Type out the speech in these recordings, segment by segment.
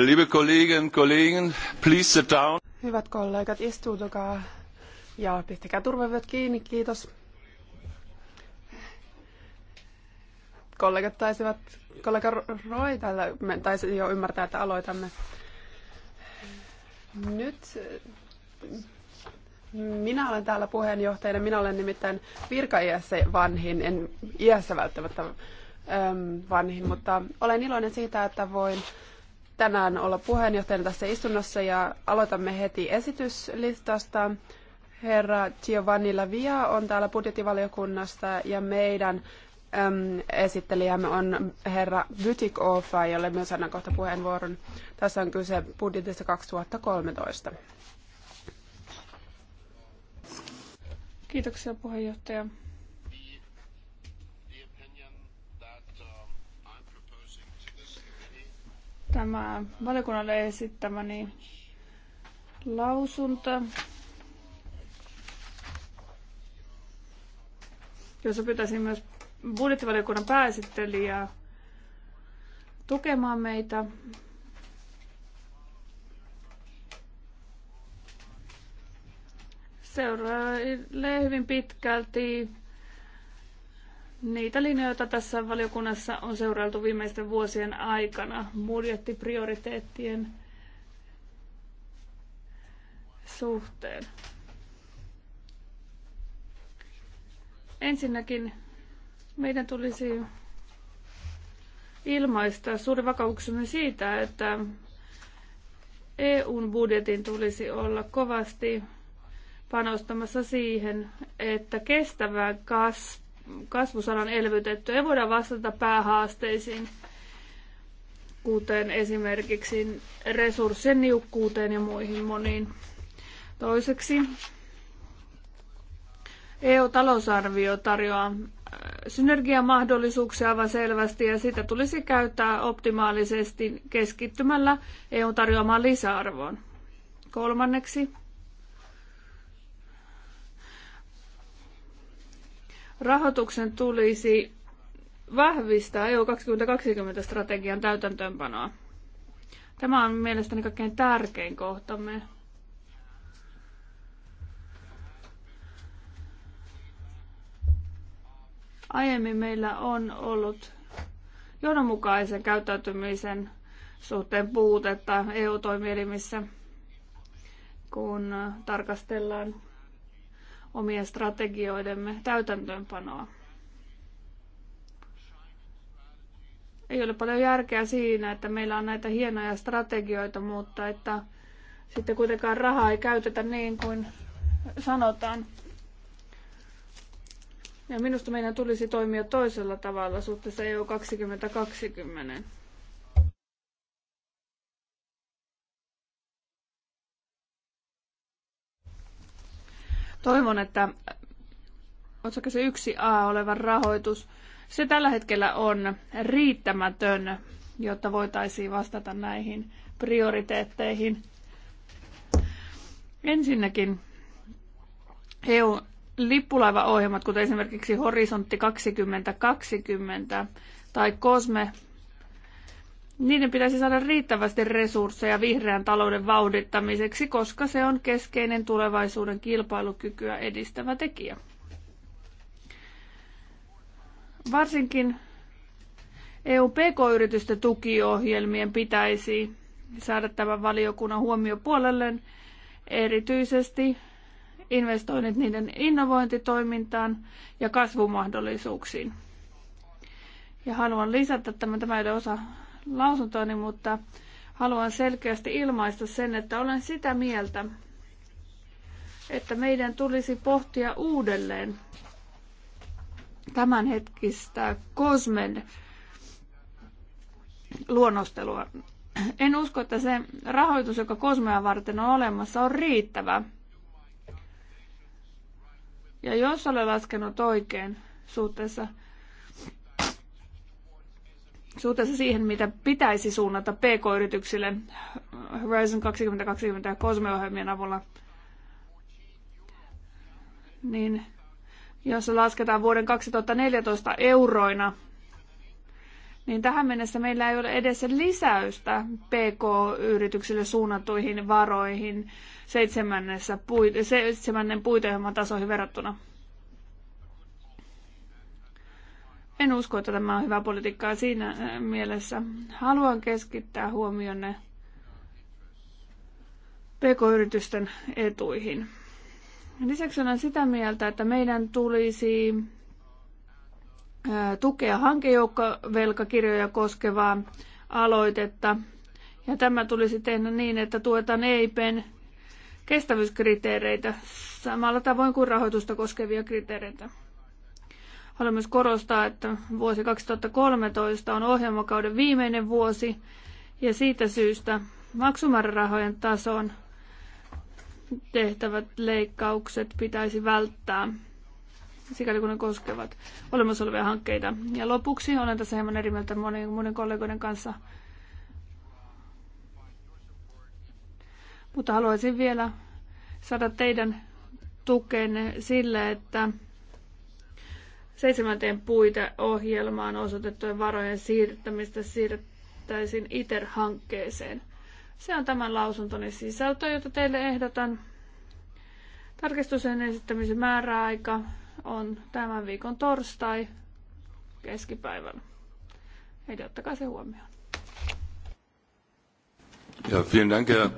Liebe Kolleginnen Kollegen, please sit down. Hyvät kollegat, istuutukaa ja pistäkää turvavyöt kiinni, kiitos. Kollegat taisivat, kollega Roy täällä taisi jo ymmärtää, että aloitamme. Nyt minä olen täällä puheenjohtajana, minä olen nimittäin virkaiässä vanhin, en iässä välttämättä vanhin, mutta olen iloinen siitä, että voin tänään olla puheenjohtajana tässä istunnossa ja aloitamme heti esityslistasta. Herra Giovanni Lavia on täällä budjettivaliokunnasta ja meidän äm, esittelijämme on herra Ofa, jolle myös annan kohta puheenvuoron. Tässä on kyse budjetista 2013. Kiitoksia puheenjohtaja. Tämä valiokunnalle esittämäni lausunto, jossa pyytäisin myös budjettivaliokunnan pääesittelijää tukemaan meitä Seuraa hyvin pitkälti niitä linjoja, joita tässä valiokunnassa on seurailtu viimeisten vuosien aikana budjettiprioriteettien suhteen. Ensinnäkin meidän tulisi ilmaista suuri vakauksemme siitä, että EUn budjetin tulisi olla kovasti panostamassa siihen, että kestävä kasvu kasvusanan elvytettyä ja voidaan vastata päähaasteisiin, kuten esimerkiksi resurssien niukkuuteen ja muihin moniin. Toiseksi EU-talousarvio tarjoaa äh, synergiamahdollisuuksia aivan selvästi ja sitä tulisi käyttää optimaalisesti keskittymällä EU tarjoamaan lisäarvoon. Kolmanneksi Rahoituksen tulisi vahvistaa EU 2020 strategian täytäntöönpanoa. Tämä on mielestäni kaikkein tärkein kohtamme. Aiemmin meillä on ollut johdonmukaisen käyttäytymisen suhteen puutetta EU-toimielimissä, kun tarkastellaan omien strategioidemme täytäntöönpanoa. Ei ole paljon järkeä siinä, että meillä on näitä hienoja strategioita, mutta että sitten kuitenkaan rahaa ei käytetä niin kuin sanotaan. Ja minusta meidän tulisi toimia toisella tavalla suhteessa EU 2020. Toivon, että otsake se yksi a olevan rahoitus, se tällä hetkellä on riittämätön, jotta voitaisiin vastata näihin prioriteetteihin. Ensinnäkin EU-lippulaivaohjelmat, kuten esimerkiksi Horisontti 2020 tai Kosme niiden pitäisi saada riittävästi resursseja vihreän talouden vauhdittamiseksi, koska se on keskeinen tulevaisuuden kilpailukykyä edistävä tekijä. Varsinkin EU-PK-yritysten tukiohjelmien pitäisi saada tämän valiokunnan huomio puolelleen, erityisesti investoinnit niiden innovointitoimintaan ja kasvumahdollisuuksiin. Ja haluan lisätä, että tämä, tämä ei ole osa lausuntoni, mutta haluan selkeästi ilmaista sen, että olen sitä mieltä, että meidän tulisi pohtia uudelleen tämänhetkistä kosmen luonnostelua. En usko, että se rahoitus, joka kosmea varten on olemassa, on riittävä. Ja jos olen laskenut oikein suhteessa suhteessa siihen, mitä pitäisi suunnata PK-yrityksille Horizon 2020 ja COSME-ohjelmien avulla, niin jos se lasketaan vuoden 2014 euroina, niin tähän mennessä meillä ei ole edes lisäystä PK-yrityksille suunnattuihin varoihin seitsemännessä puite- seitsemännen puiteohjelman tasoihin verrattuna. En usko, että tämä on hyvä politiikkaa siinä äh, mielessä. Haluan keskittää huomionne pk-yritysten etuihin. Lisäksi olen sitä mieltä, että meidän tulisi äh, tukea hankejoukkovelkakirjoja koskevaa aloitetta. Ja tämä tulisi tehdä niin, että tuetaan EIPen kestävyyskriteereitä samalla tavoin kuin rahoitusta koskevia kriteereitä. Haluan myös korostaa, että vuosi 2013 on ohjelmakauden viimeinen vuosi ja siitä syystä maksumäärärahojen tason tehtävät leikkaukset pitäisi välttää, sikäli kun ne koskevat olemassa olevia hankkeita. Ja lopuksi olen tässä hieman eri mieltä monen, monen kollegoiden kanssa. Mutta haluaisin vielä saada teidän tukenne sille, että seitsemänteen puiteohjelmaan osoitettujen varojen siirtämistä siirrettäisiin ITER-hankkeeseen. Se on tämän lausuntoni sisältö, jota teille ehdotan. Tarkistuksen esittämisen määräaika on tämän viikon torstai keskipäivällä. Eli ottakaa se huomioon. Ja, vielen Dank, Herr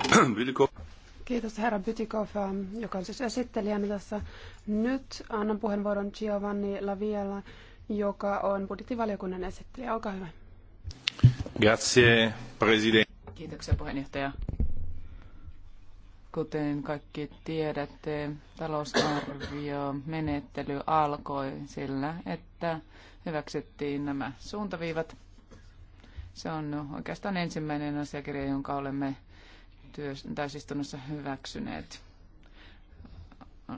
Kiitos herra Bytikov, ähm, joka on siis esittelijänä tässä. Nyt annan puheenvuoron Giovanni Laviella, joka on budjettivaliokunnan esittelijä. Olkaa hyvä. Grazie, president. Kiitoksia puheenjohtaja. Kuten kaikki tiedätte, talousarvio menettely alkoi sillä, että hyväksyttiin nämä suuntaviivat. Se on oikeastaan ensimmäinen asiakirja, jonka olemme työs, täysistunnossa hyväksyneet.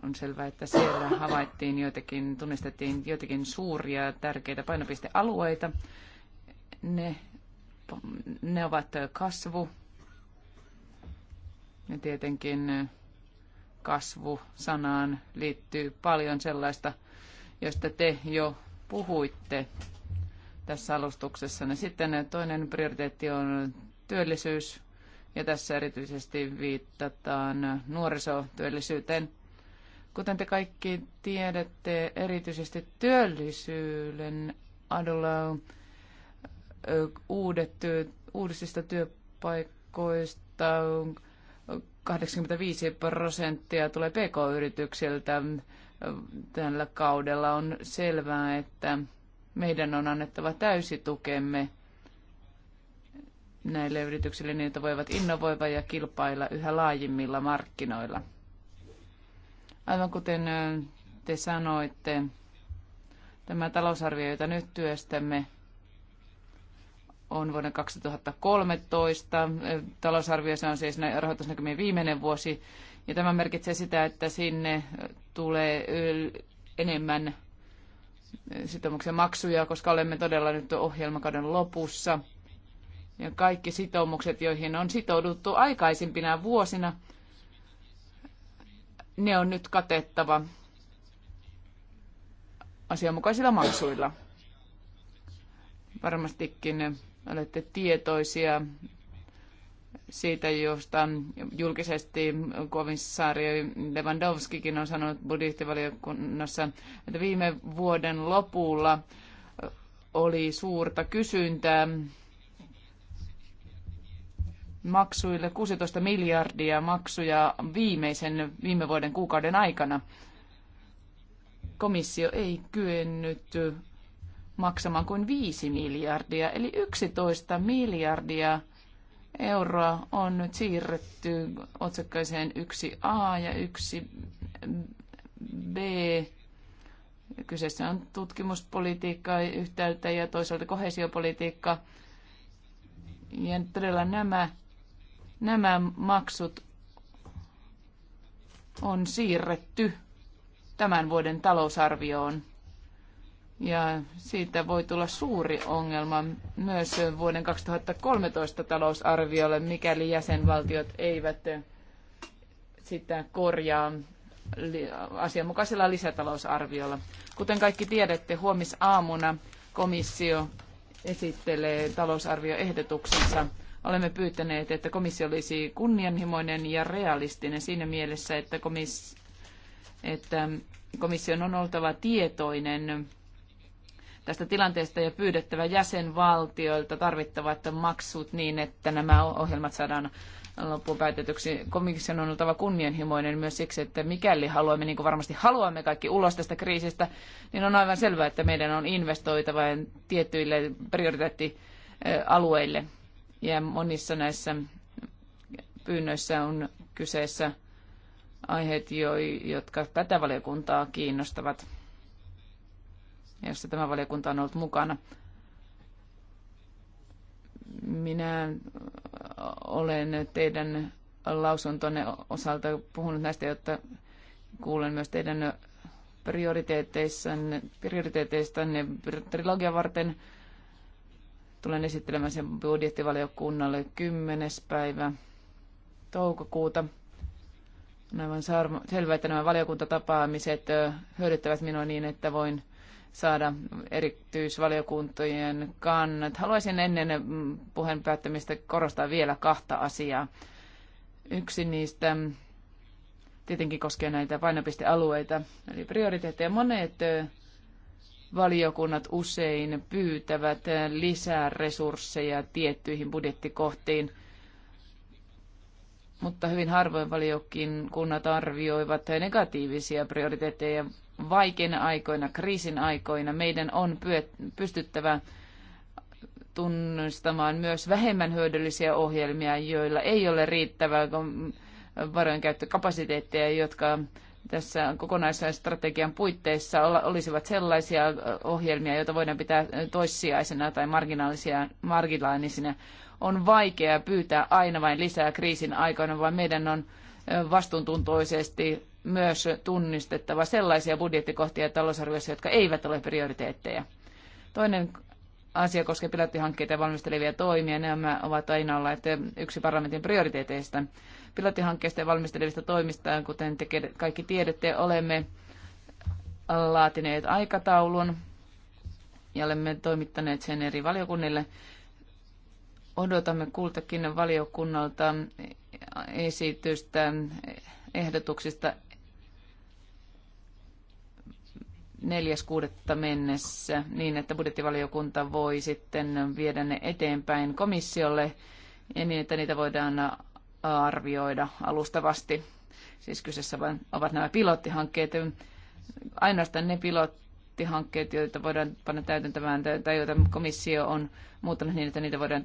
On selvää, että siellä havaittiin joitakin, tunnistettiin joitakin suuria tärkeitä painopistealueita. Ne, ne ovat kasvu ja tietenkin kasvu-sanaan liittyy paljon sellaista, josta te jo puhuitte tässä alustuksessa. Sitten toinen prioriteetti on työllisyys ja tässä erityisesti viittataan nuorisotyöllisyyteen. Kuten te kaikki tiedätte, erityisesti työllisyyden adolla uudet uudisista työpaikoista 85 prosenttia tulee pk-yrityksiltä tällä kaudella. On selvää, että meidän on annettava täysi tukemme näille yrityksille niin, että voivat innovoiva ja kilpailla yhä laajimmilla markkinoilla. Aivan kuten te sanoitte, tämä talousarvio, jota nyt työstämme, on vuoden 2013. Talousarvio se on siis rahoitusnäkymien viimeinen vuosi. Ja tämä merkitsee sitä, että sinne tulee enemmän sitoumuksen maksuja, koska olemme todella nyt ohjelmakauden lopussa – ja kaikki sitoumukset, joihin on sitouduttu aikaisimpina vuosina, ne on nyt katettava asianmukaisilla maksuilla. Varmastikin olette tietoisia siitä, josta julkisesti komissaari Lewandowskikin on sanonut budjettivaliokunnassa, että viime vuoden lopulla oli suurta kysyntää maksuille 16 miljardia maksuja viimeisen viime vuoden kuukauden aikana. Komissio ei kyennyt maksamaan kuin 5 miljardia, eli 11 miljardia euroa on nyt siirretty otsakkaiseen 1a ja 1b. Kyseessä on tutkimuspolitiikka yhtäältä ja toisaalta kohesiopolitiikka. Ja todella nämä Nämä maksut on siirretty tämän vuoden talousarvioon. Ja siitä voi tulla suuri ongelma myös vuoden 2013 talousarviolle, mikäli jäsenvaltiot eivät sitä korjaa asianmukaisella lisätalousarviolla. Kuten kaikki tiedätte, huomisaamuna komissio esittelee talousarvioehdotuksensa Olemme pyytäneet, että komissio olisi kunnianhimoinen ja realistinen siinä mielessä, että, komis, että komission on oltava tietoinen tästä tilanteesta ja pyydettävä jäsenvaltioilta tarvittavat maksut niin, että nämä ohjelmat saadaan loppuun päätetyksi. Komission on oltava kunnianhimoinen myös siksi, että mikäli haluamme, niin kuin varmasti haluamme kaikki ulos tästä kriisistä, niin on aivan selvää, että meidän on investoitava tietyille prioriteettialueille. Ja monissa näissä pyynnöissä on kyseessä aiheet, jotka tätä valiokuntaa kiinnostavat, jossa tämä valiokunta on ollut mukana. Minä olen teidän lausuntonne osalta puhunut näistä, jotta kuulen myös teidän prioriteeteistanne, prioriteeteistanne trilogia varten – Tulen esittelemään sen budjettivaliokunnalle 10. päivä toukokuuta. On aivan selvä, että nämä valiokuntatapaamiset hyödyttävät minua niin, että voin saada erityisvaliokuntojen kannat. Haluaisin ennen mm, puheen päättämistä korostaa vielä kahta asiaa. Yksi niistä mm, tietenkin koskee näitä painopistealueita, eli prioriteetteja. Monet valiokunnat usein pyytävät lisää resursseja tiettyihin budjettikohtiin, mutta hyvin harvoin valiokunnat arvioivat negatiivisia prioriteetteja. Vaikeina aikoina, kriisin aikoina meidän on pystyttävä tunnistamaan myös vähemmän hyödyllisiä ohjelmia, joilla ei ole riittävää varojen käyttökapasiteetteja, jotka tässä kokonaisstrategian puitteissa olisivat sellaisia ohjelmia, joita voidaan pitää toissijaisena tai marginaalisia marginaalisina. On vaikea pyytää aina vain lisää kriisin aikana, vaan meidän on vastuuntuntoisesti myös tunnistettava sellaisia budjettikohtia talousarviossa, jotka eivät ole prioriteetteja. Toinen asia koskee pilottihankkeita ja valmistelevia toimia. Nämä ovat aina olleet yksi parlamentin prioriteeteista pilottihankkeista ja valmistelevista toimista, kuten te kaikki tiedätte, olemme laatineet aikataulun ja olemme toimittaneet sen eri valiokunnille. Odotamme kultakin valiokunnalta esitystä ehdotuksista 4.6. mennessä niin, että budjettivaliokunta voi sitten viedä ne eteenpäin komissiolle ja niin, että niitä voidaan arvioida alustavasti. Siis kyseessä vain ovat nämä pilottihankkeet. Ainoastaan ne pilottihankkeet, joita voidaan panna täytäntämään tai joita komissio on muuttanut niin, että niitä voidaan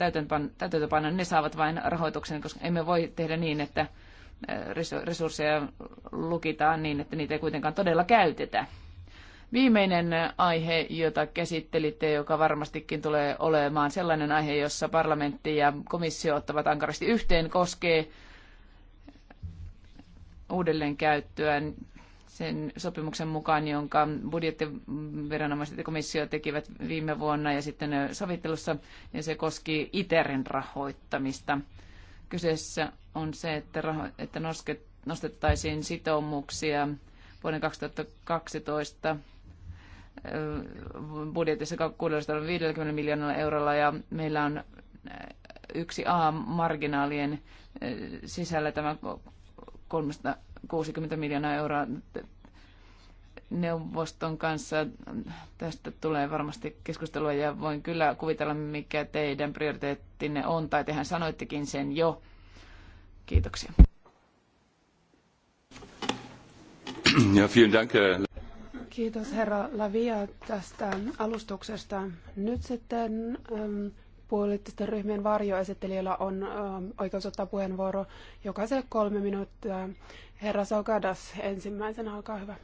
täytäntöpanna, ne saavat vain rahoituksen, koska emme voi tehdä niin, että resursseja lukitaan niin, että niitä ei kuitenkaan todella käytetä. Viimeinen aihe, jota käsittelitte, joka varmastikin tulee olemaan sellainen aihe, jossa parlamentti ja komissio ottavat ankarasti yhteen, koskee uudelleenkäyttöä sen sopimuksen mukaan, jonka budjettiviranomaiset ja komissio tekivät viime vuonna ja sitten sovittelussa, ja se koski ITERin rahoittamista. Kyseessä on se, että, raho- että nostettaisiin sitoumuksia vuoden 2012 budjetissa 650 miljoonalla eurolla ja meillä on yksi A-marginaalien sisällä tämä 360 miljoonaa euroa neuvoston kanssa. Tästä tulee varmasti keskustelua ja voin kyllä kuvitella, mikä teidän prioriteettinne on, tai tehän sanoittekin sen jo. Kiitoksia. Ja, vielen Dank. Kiitos herra Lavia tästä alustuksesta. Nyt sitten äm, poliittisten ryhmien varjoesittelijällä on äm, oikeus ottaa puheenvuoro jokaiselle kolme minuuttia. Herra Saukadas ensimmäisenä, olkaa hyvä.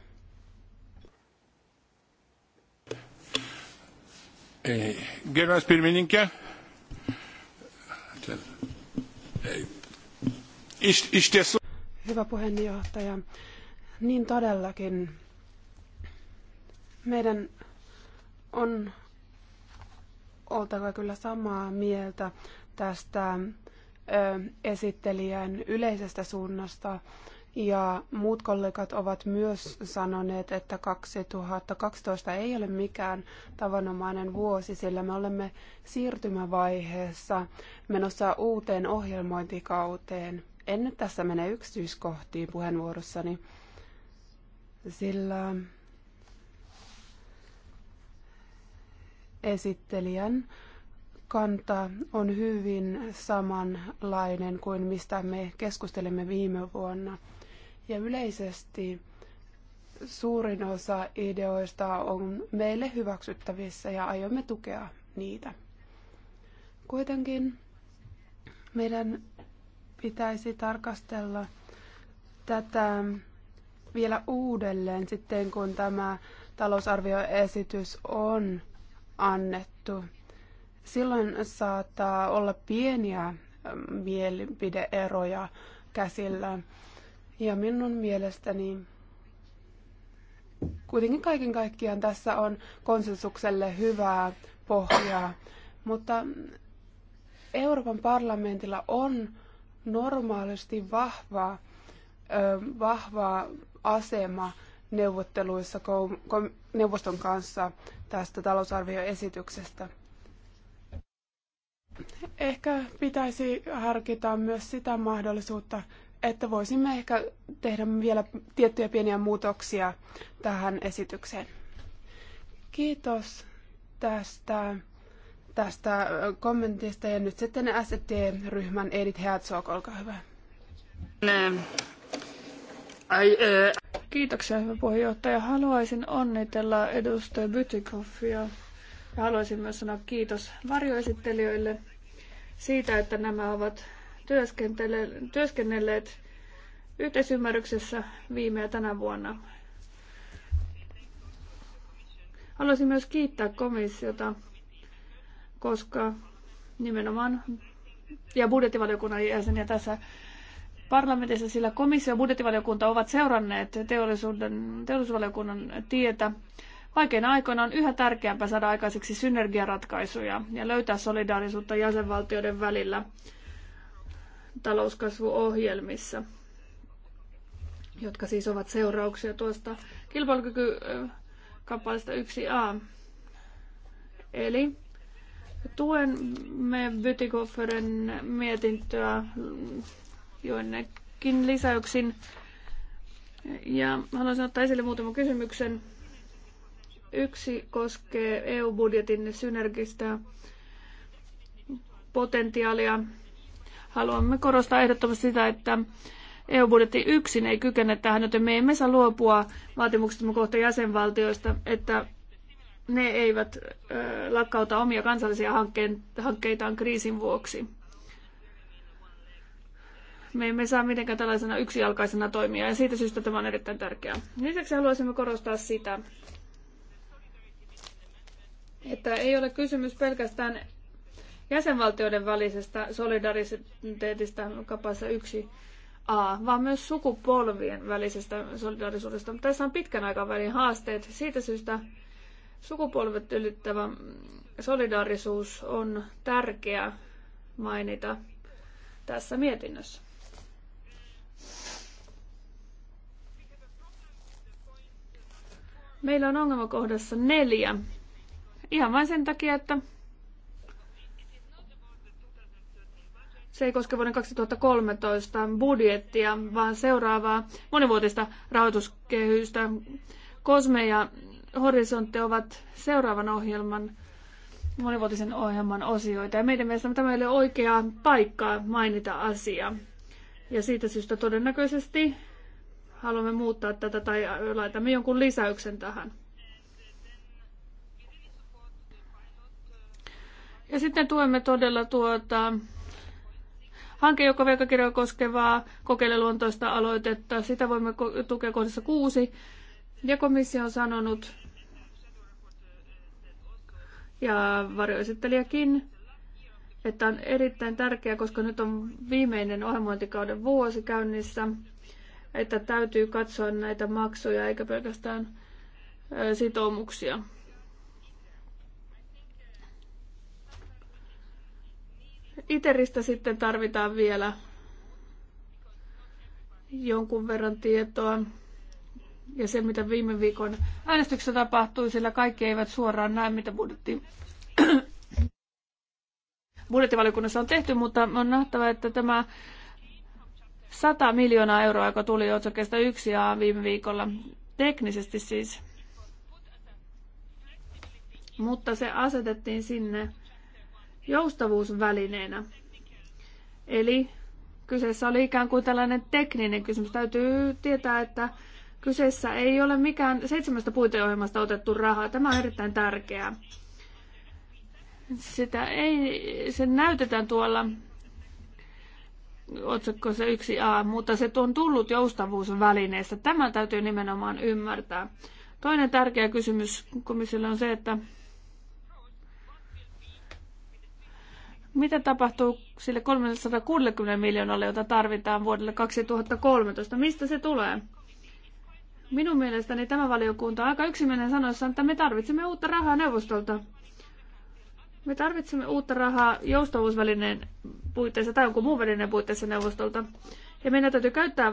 Hyvä puheenjohtaja, niin todellakin meidän on oltava kyllä samaa mieltä tästä esittelijän yleisestä suunnasta. Ja muut kollegat ovat myös sanoneet, että 2012 ei ole mikään tavanomainen vuosi, sillä me olemme siirtymävaiheessa menossa uuteen ohjelmointikauteen. En nyt tässä mene yksityiskohtiin puheenvuorossani, sillä esittelijän kanta on hyvin samanlainen kuin mistä me keskustelimme viime vuonna. Ja yleisesti suurin osa ideoista on meille hyväksyttävissä ja aiomme tukea niitä. Kuitenkin meidän pitäisi tarkastella tätä vielä uudelleen sitten, kun tämä talousarvioesitys on annettu. Silloin saattaa olla pieniä mielipideeroja käsillä. Ja minun mielestäni kuitenkin kaiken kaikkiaan tässä on konsensukselle hyvää pohjaa. Mutta Euroopan parlamentilla on normaalisti vahva, ö, vahva asema neuvotteluissa neuvoston kanssa tästä talousarvioesityksestä. Ehkä pitäisi harkita myös sitä mahdollisuutta, että voisimme ehkä tehdä vielä tiettyjä pieniä muutoksia tähän esitykseen. Kiitos tästä, tästä kommentista ja nyt sitten st ryhmän Edith Herzog, olkaa hyvä. Ähm, I, uh... Kiitoksia, hyvä puheenjohtaja. Haluaisin onnitella edustaja Bytikoffia ja haluaisin myös sanoa kiitos varjoesittelijöille siitä, että nämä ovat työskennelleet yhteisymmärryksessä viime ja tänä vuonna. Haluaisin myös kiittää komissiota, koska nimenomaan ja budjettivaliokunnan jäseniä tässä parlamentissa, sillä komissio ja budjettivaliokunta ovat seuranneet teollisuuden, teollisuusvaliokunnan tietä. Vaikeina aikoina on yhä tärkeämpää saada aikaiseksi synergiaratkaisuja ja löytää solidaarisuutta jäsenvaltioiden välillä talouskasvuohjelmissa, jotka siis ovat seurauksia tuosta kilpailukykykappaleesta 1a. Eli tuemme Bytikofferin mietintöä joinnekin lisäyksin. Ja haluaisin ottaa esille muutaman kysymyksen. Yksi koskee EU-budjetin synergistä potentiaalia. Haluamme korostaa ehdottomasti sitä, että EU-budjetti yksin ei kykene tähän, joten me emme saa luopua vaatimuksistamme kohta jäsenvaltioista, että ne eivät ö, lakkauta omia kansallisia hankkeitaan kriisin vuoksi me emme saa mitenkään tällaisena yksijalkaisena toimia ja siitä syystä tämä on erittäin tärkeää. Lisäksi haluaisimme korostaa sitä, että ei ole kysymys pelkästään jäsenvaltioiden välisestä solidariteetista kapassa 1a, vaan myös sukupolvien välisestä solidaarisuudesta. Tässä on pitkän aikavälin haasteet. Siitä syystä sukupolvet ylittävä solidaarisuus on tärkeä mainita tässä mietinnössä. Meillä on ongelma kohdassa neljä. Ihan vain sen takia, että se ei koske vuoden 2013 budjettia, vaan seuraavaa monivuotista rahoituskehystä. Kosme ja Horisontti ovat seuraavan ohjelman monivuotisen ohjelman osioita. Ja meidän mielestämme tämä ei ole oikea paikka mainita asia. Ja siitä syystä todennäköisesti haluamme muuttaa tätä tai laitamme jonkun lisäyksen tähän. Ja sitten tuemme todella tuota hanke, joka velkakirjoja koskevaa kokeileluontoista aloitetta. Sitä voimme tukea kohdassa kuusi. Ja komissio on sanonut, ja varjoesittelijäkin, että on erittäin tärkeää, koska nyt on viimeinen ohjelmointikauden vuosi käynnissä että täytyy katsoa näitä maksuja eikä pelkästään sitoumuksia. Iteristä sitten tarvitaan vielä jonkun verran tietoa. Ja se, mitä viime viikon äänestyksessä tapahtui, sillä kaikki eivät suoraan näe, mitä budjetti budjettivaliokunnassa on tehty, mutta on nähtävä, että tämä 100 miljoonaa euroa, joka tuli otsakkeesta 1A viime viikolla. Teknisesti siis. Mutta se asetettiin sinne joustavuusvälineenä. Eli kyseessä oli ikään kuin tällainen tekninen kysymys. Täytyy tietää, että kyseessä ei ole mikään seitsemästä puiteohjelmasta otettu rahaa. Tämä on erittäin tärkeää. Sitä ei, se näytetään tuolla se 1a, mutta se on tullut joustavuusvälineestä. Tämä täytyy nimenomaan ymmärtää. Toinen tärkeä kysymys komissiolle on se, että mitä tapahtuu sille 360 miljoonalle, jota tarvitaan vuodelle 2013? Mistä se tulee? Minun mielestäni tämä valiokunta on aika yksimielinen sanoissaan, että me tarvitsemme uutta rahaa neuvostolta. Me tarvitsemme uutta rahaa joustavuusvälineen puitteissa tai jonkun muun välineen puitteissa neuvostolta. Ja meidän täytyy käyttää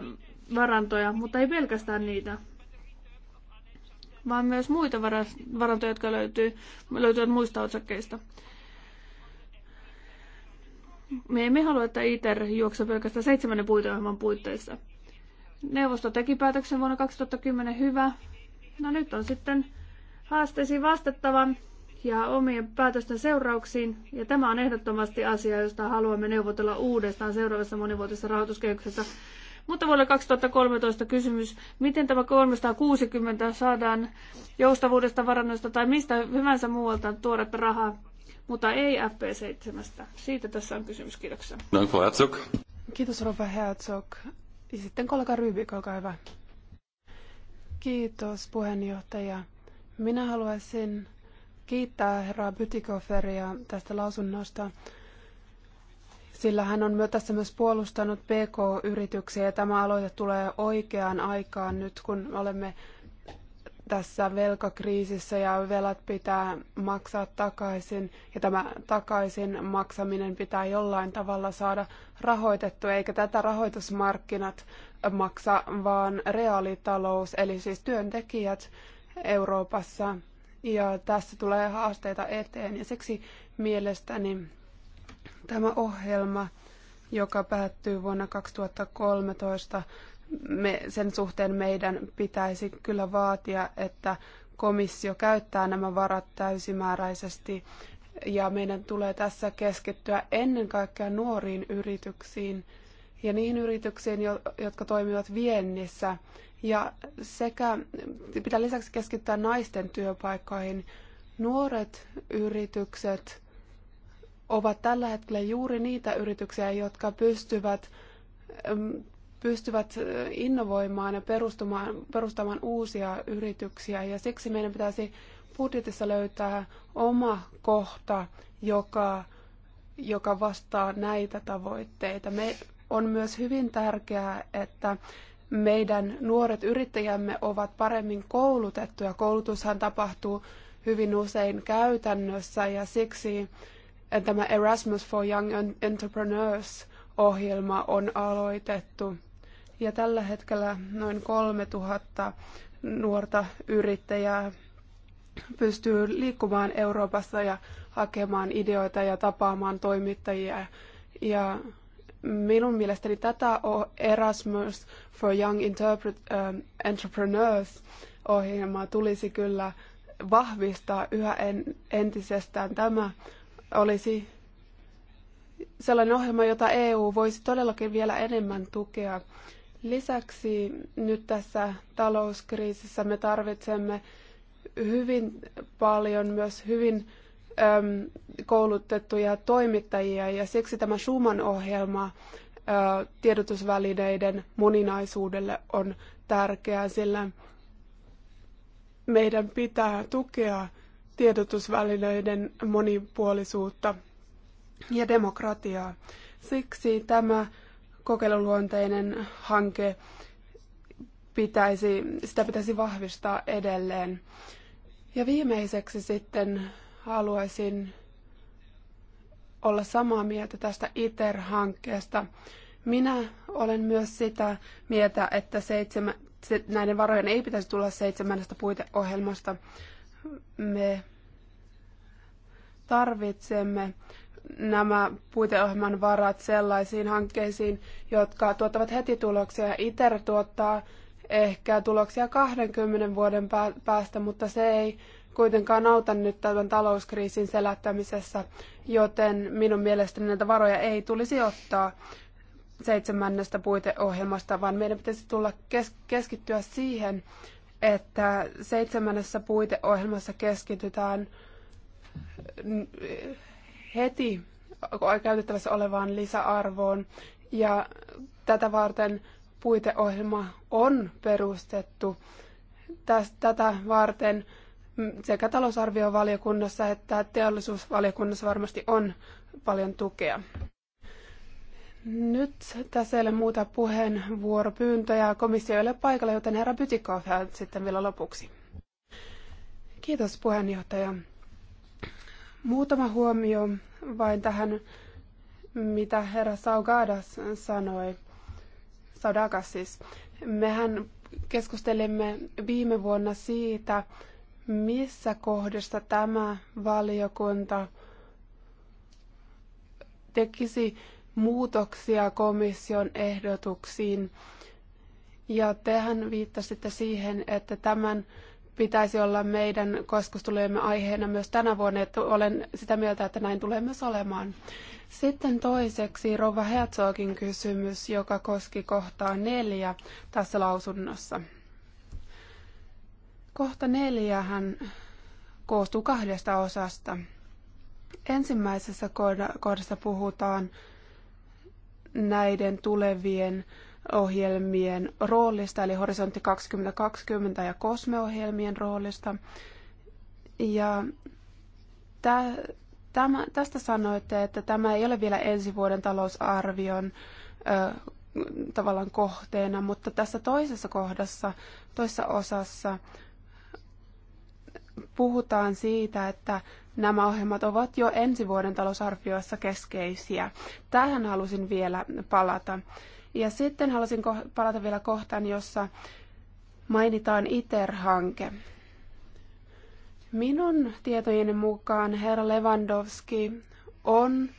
varantoja, mutta ei pelkästään niitä, vaan myös muita varantoja, jotka löytyy, löytyvät muista otsakkeista. Me emme halua, että ITER juoksee pelkästään seitsemännen puiteohjelman puitteissa. Neuvosto teki päätöksen vuonna 2010 hyvä. No nyt on sitten haasteisiin vastattavan ja omien päätösten seurauksiin. Ja tämä on ehdottomasti asia, josta haluamme neuvotella uudestaan seuraavassa monivuotisessa rahoituskehyksessä. Mutta vuonna 2013 kysymys, miten tämä 360 saadaan joustavuudesta, varannosta tai mistä hyvänsä muualta tuoretta rahaa, mutta ei FP7. Siitä tässä on kysymys. Kiitoksia. Kiitos Rova Herzog. Ja sitten kollega Rybik, olkaa hyvä. Kiitos puheenjohtaja. Minä haluaisin kiittää herra Bytikoferia tästä lausunnosta, sillä hän on tässä myös puolustanut PK-yrityksiä ja tämä aloite tulee oikeaan aikaan nyt, kun olemme tässä velkakriisissä ja velat pitää maksaa takaisin ja tämä takaisin maksaminen pitää jollain tavalla saada rahoitettu, eikä tätä rahoitusmarkkinat maksa, vaan reaalitalous, eli siis työntekijät Euroopassa ja tässä tulee haasteita eteen. Ja siksi mielestäni tämä ohjelma, joka päättyy vuonna 2013, me, sen suhteen meidän pitäisi kyllä vaatia, että komissio käyttää nämä varat täysimääräisesti ja meidän tulee tässä keskittyä ennen kaikkea nuoriin yrityksiin ja niihin yrityksiin, jotka toimivat viennissä ja sekä pitää lisäksi keskittää naisten työpaikkoihin. Nuoret yritykset ovat tällä hetkellä juuri niitä yrityksiä, jotka pystyvät, pystyvät eh, innovoimaan ja perustamaan, perustamaan uusia yrityksiä. Ja siksi meidän pitäisi budjetissa löytää oma kohta, joka, joka vastaa näitä tavoitteita. Me on myös hyvin tärkeää, että meidän nuoret yrittäjämme ovat paremmin koulutettuja. Koulutushan tapahtuu hyvin usein käytännössä ja siksi tämä Erasmus for Young Entrepreneurs ohjelma on aloitettu. Ja tällä hetkellä noin 3000 nuorta yrittäjää pystyy liikkumaan Euroopassa ja hakemaan ideoita ja tapaamaan toimittajia. Ja minun mielestäni tätä Erasmus for Young Interpret, ähm, Entrepreneurs ohjelmaa tulisi kyllä vahvistaa yhä en, entisestään. Tämä olisi sellainen ohjelma, jota EU voisi todellakin vielä enemmän tukea. Lisäksi nyt tässä talouskriisissä me tarvitsemme hyvin paljon myös hyvin koulutettuja toimittajia ja siksi tämä Schumann-ohjelma tiedotusvälineiden moninaisuudelle on tärkeää, sillä meidän pitää tukea tiedotusvälineiden monipuolisuutta ja demokratiaa. Siksi tämä kokeiluluonteinen hanke pitäisi, sitä pitäisi vahvistaa edelleen. Ja viimeiseksi sitten haluaisin olla samaa mieltä tästä ITER-hankkeesta. Minä olen myös sitä mieltä, että seitsemä, se, näiden varojen ei pitäisi tulla seitsemännestä puiteohjelmasta. Me tarvitsemme nämä puiteohjelman varat sellaisiin hankkeisiin, jotka tuottavat heti tuloksia. ITER tuottaa ehkä tuloksia 20 vuoden päästä, mutta se ei kuitenkaan auta nyt tämän talouskriisin selättämisessä, joten minun mielestäni näitä varoja ei tulisi ottaa seitsemännestä puiteohjelmasta, vaan meidän pitäisi tulla kes- keskittyä siihen, että seitsemännessä puiteohjelmassa keskitytään heti käytettävässä olevaan lisäarvoon. Ja tätä varten puiteohjelma on perustettu. tätä varten sekä talousarviovaliokunnassa että teollisuusvaliokunnassa varmasti on paljon tukea. Nyt tässä ei ole muuta puheenvuoropyyntöjä. Komissio ei ole paikalla, joten herra Bytikov sitten vielä lopuksi. Kiitos puheenjohtaja. Muutama huomio vain tähän, mitä herra Saugadas sanoi. Saudakas siis. Mehän keskustelimme viime vuonna siitä, missä kohdassa tämä valiokunta tekisi muutoksia komission ehdotuksiin. Ja tehän viittasitte siihen, että tämän pitäisi olla meidän keskustelujemme aiheena myös tänä vuonna, että olen sitä mieltä, että näin tulee myös olemaan. Sitten toiseksi Rova Herzogin kysymys, joka koski kohtaa neljä tässä lausunnossa. Kohta neljähän koostuu kahdesta osasta. Ensimmäisessä kohdassa puhutaan näiden tulevien ohjelmien roolista, eli Horisontti 2020 ja Kosme-ohjelmien roolista. Ja tämä, tästä sanoitte, että tämä ei ole vielä ensi vuoden talousarvion ö, tavallaan kohteena, mutta tässä toisessa kohdassa, toisessa osassa puhutaan siitä, että nämä ohjelmat ovat jo ensi vuoden talousarvioissa keskeisiä. Tähän halusin vielä palata. Ja sitten halusin palata vielä kohtaan, jossa mainitaan ITER-hanke. Minun tietojeni mukaan herra Lewandowski on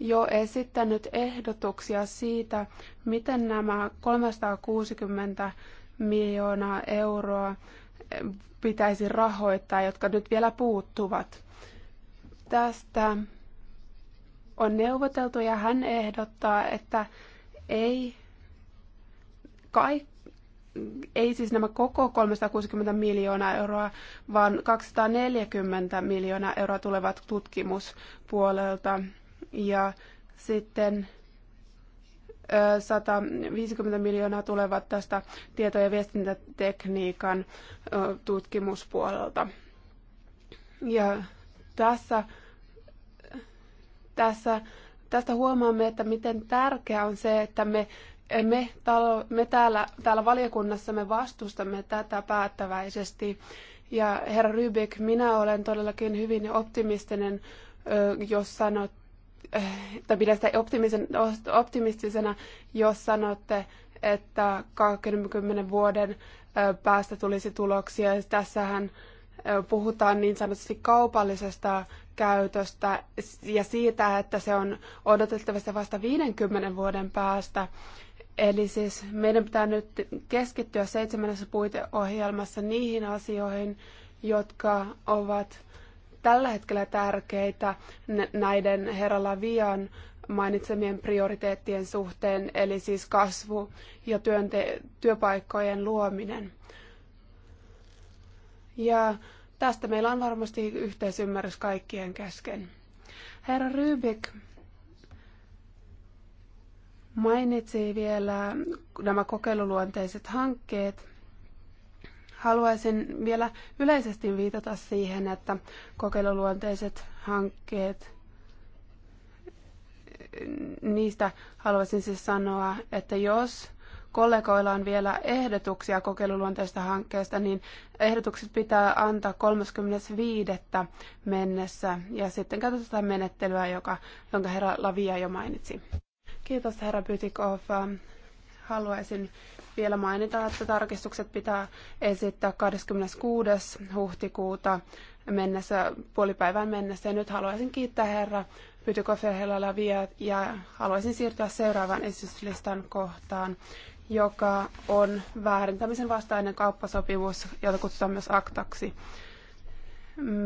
jo esittänyt ehdotuksia siitä, miten nämä 360 miljoonaa euroa pitäisi rahoittaa, jotka nyt vielä puuttuvat. Tästä on neuvoteltu ja hän ehdottaa, että ei, kaik, ei siis nämä koko 360 miljoonaa euroa, vaan 240 miljoonaa euroa tulevat tutkimuspuolelta. Ja sitten 150 miljoonaa tulevat tästä tieto- ja viestintätekniikan tutkimuspuolelta. Ja tässä, tässä, tästä huomaamme, että miten tärkeää on se, että me, me, talo, me täällä, täällä valiokunnassa me vastustamme tätä päättäväisesti. Ja herra Rybik, minä olen todellakin hyvin optimistinen, jos sanot, Äh, tai pidän sitä optimistisena, jos sanotte, että 20 vuoden äh, päästä tulisi tuloksia. Tässähän äh, puhutaan niin sanotusti kaupallisesta käytöstä ja siitä, että se on odotettavasti vasta 50 vuoden päästä. Eli siis meidän pitää nyt keskittyä seitsemännessä puiteohjelmassa niihin asioihin, jotka ovat tällä hetkellä tärkeitä näiden herra Lavian mainitsemien prioriteettien suhteen, eli siis kasvu ja työnte- työpaikkojen luominen. Ja tästä meillä on varmasti yhteisymmärrys kaikkien kesken. Herra Rybik mainitsi vielä nämä kokeiluluonteiset hankkeet haluaisin vielä yleisesti viitata siihen, että kokeiluluonteiset hankkeet, niistä haluaisin siis sanoa, että jos kollegoilla on vielä ehdotuksia kokeiluluonteista hankkeesta, niin ehdotukset pitää antaa 35. mennessä ja sitten katsotaan menettelyä, joka, jonka herra Lavia jo mainitsi. Kiitos herra Pytikov. Haluaisin vielä mainita, että tarkistukset pitää esittää 26. huhtikuuta mennessä, puolipäivään mennessä. Ja nyt haluaisin kiittää herra Pytykoferhella vielä ja haluaisin siirtyä seuraavaan esityslistan kohtaan, joka on väärintämisen vastainen kauppasopimus, jota kutsutaan myös aktaksi.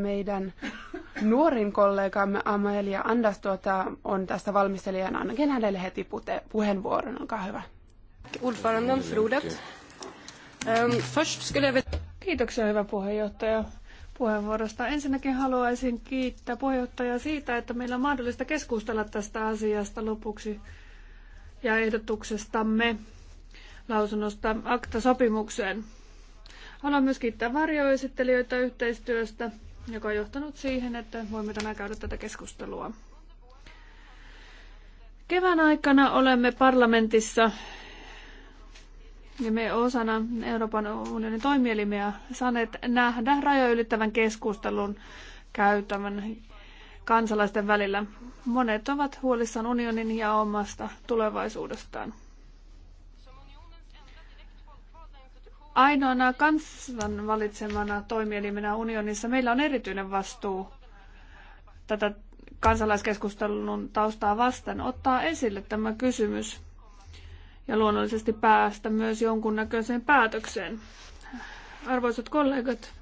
Meidän nuorin kollegamme Amelia Andas tuota, on tässä valmistelijana. ainakin hänelle heti puheenvuoron. Olkaa hyvä. Ordföranden för ordet. Ehm, först skulle jag Kiitoksia hyvä puheenjohtaja puheenvuorosta. Ensinnäkin haluaisin kiittää puheenjohtajaa siitä, että meillä on mahdollista keskustella tästä asiasta lopuksi ja ehdotuksestamme lausunnosta akta-sopimukseen. Haluan myös kiittää varjoesittelijöitä yhteistyöstä, joka on johtanut siihen, että voimme tänään käydä tätä keskustelua. Kevään aikana olemme parlamentissa ja me osana Euroopan unionin toimielimiä saaneet nähdä rajoja ylittävän keskustelun käytävän kansalaisten välillä. Monet ovat huolissaan unionin ja omasta tulevaisuudestaan. Ainoana kansan valitsemana toimielimenä unionissa meillä on erityinen vastuu tätä kansalaiskeskustelun taustaa vasten ottaa esille tämä kysymys ja luonnollisesti päästä myös jonkunnäköiseen päätökseen. Arvoisat kollegat,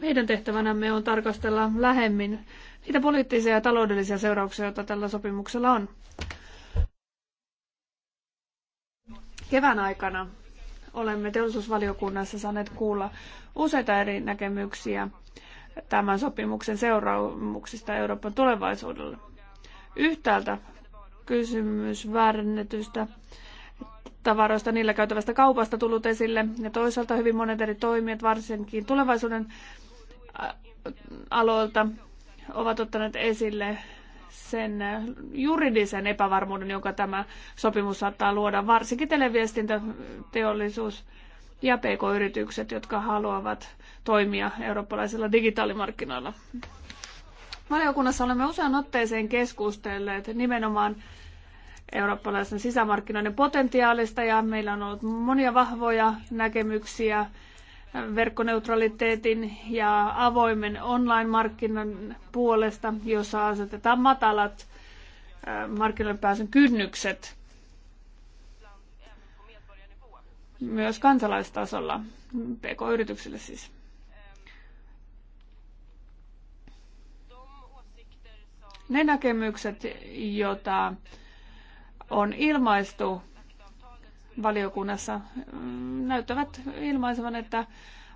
meidän tehtävänämme on tarkastella lähemmin niitä poliittisia ja taloudellisia seurauksia, joita tällä sopimuksella on. Kevään aikana olemme teollisuusvaliokunnassa saaneet kuulla useita eri näkemyksiä tämän sopimuksen seuraamuksista Euroopan tulevaisuudelle. Yhtäältä kysymys väärennetystä tavaroista niillä käytävästä kaupasta tullut esille ja toisaalta hyvin monet eri toimijat, varsinkin tulevaisuuden äh, aloilta, ovat ottaneet esille sen äh, juridisen epävarmuuden, jonka tämä sopimus saattaa luoda, varsinkin televiestintäteollisuus ja pk-yritykset, jotka haluavat toimia eurooppalaisilla digitaalimarkkinoilla. Valiokunnassa olemme usean otteeseen keskustelleet nimenomaan eurooppalaisen sisämarkkinoiden potentiaalista ja meillä on ollut monia vahvoja näkemyksiä verkkoneutraliteetin ja avoimen online-markkinan puolesta, jossa asetetaan matalat markkinoille pääsyn kynnykset myös kansalaistasolla, pk-yrityksille siis. Ne näkemykset, joita on ilmaistu valiokunnassa, näyttävät ilmaisevan, että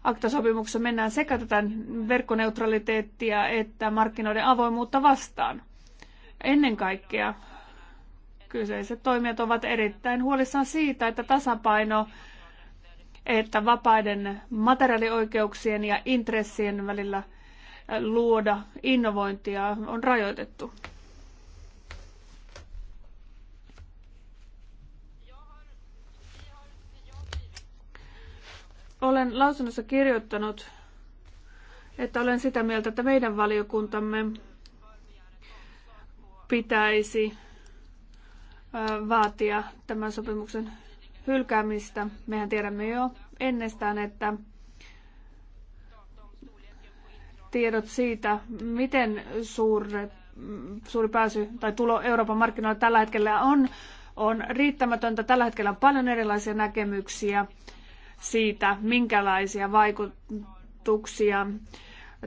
aktasopimuksessa mennään sekä tätä verkkoneutraliteettia että markkinoiden avoimuutta vastaan. Ennen kaikkea kyseiset toimijat ovat erittäin huolissaan siitä, että tasapaino että vapaiden materiaalioikeuksien ja intressien välillä luoda innovointia on rajoitettu. Olen lausunnossa kirjoittanut, että olen sitä mieltä, että meidän valiokuntamme pitäisi vaatia tämän sopimuksen hylkäämistä. Mehän tiedämme jo ennestään, että tiedot siitä, miten suuri, suuri pääsy tai tulo Euroopan markkinoilla tällä hetkellä on, on riittämätöntä. Tällä hetkellä on paljon erilaisia näkemyksiä siitä, minkälaisia vaikutuksia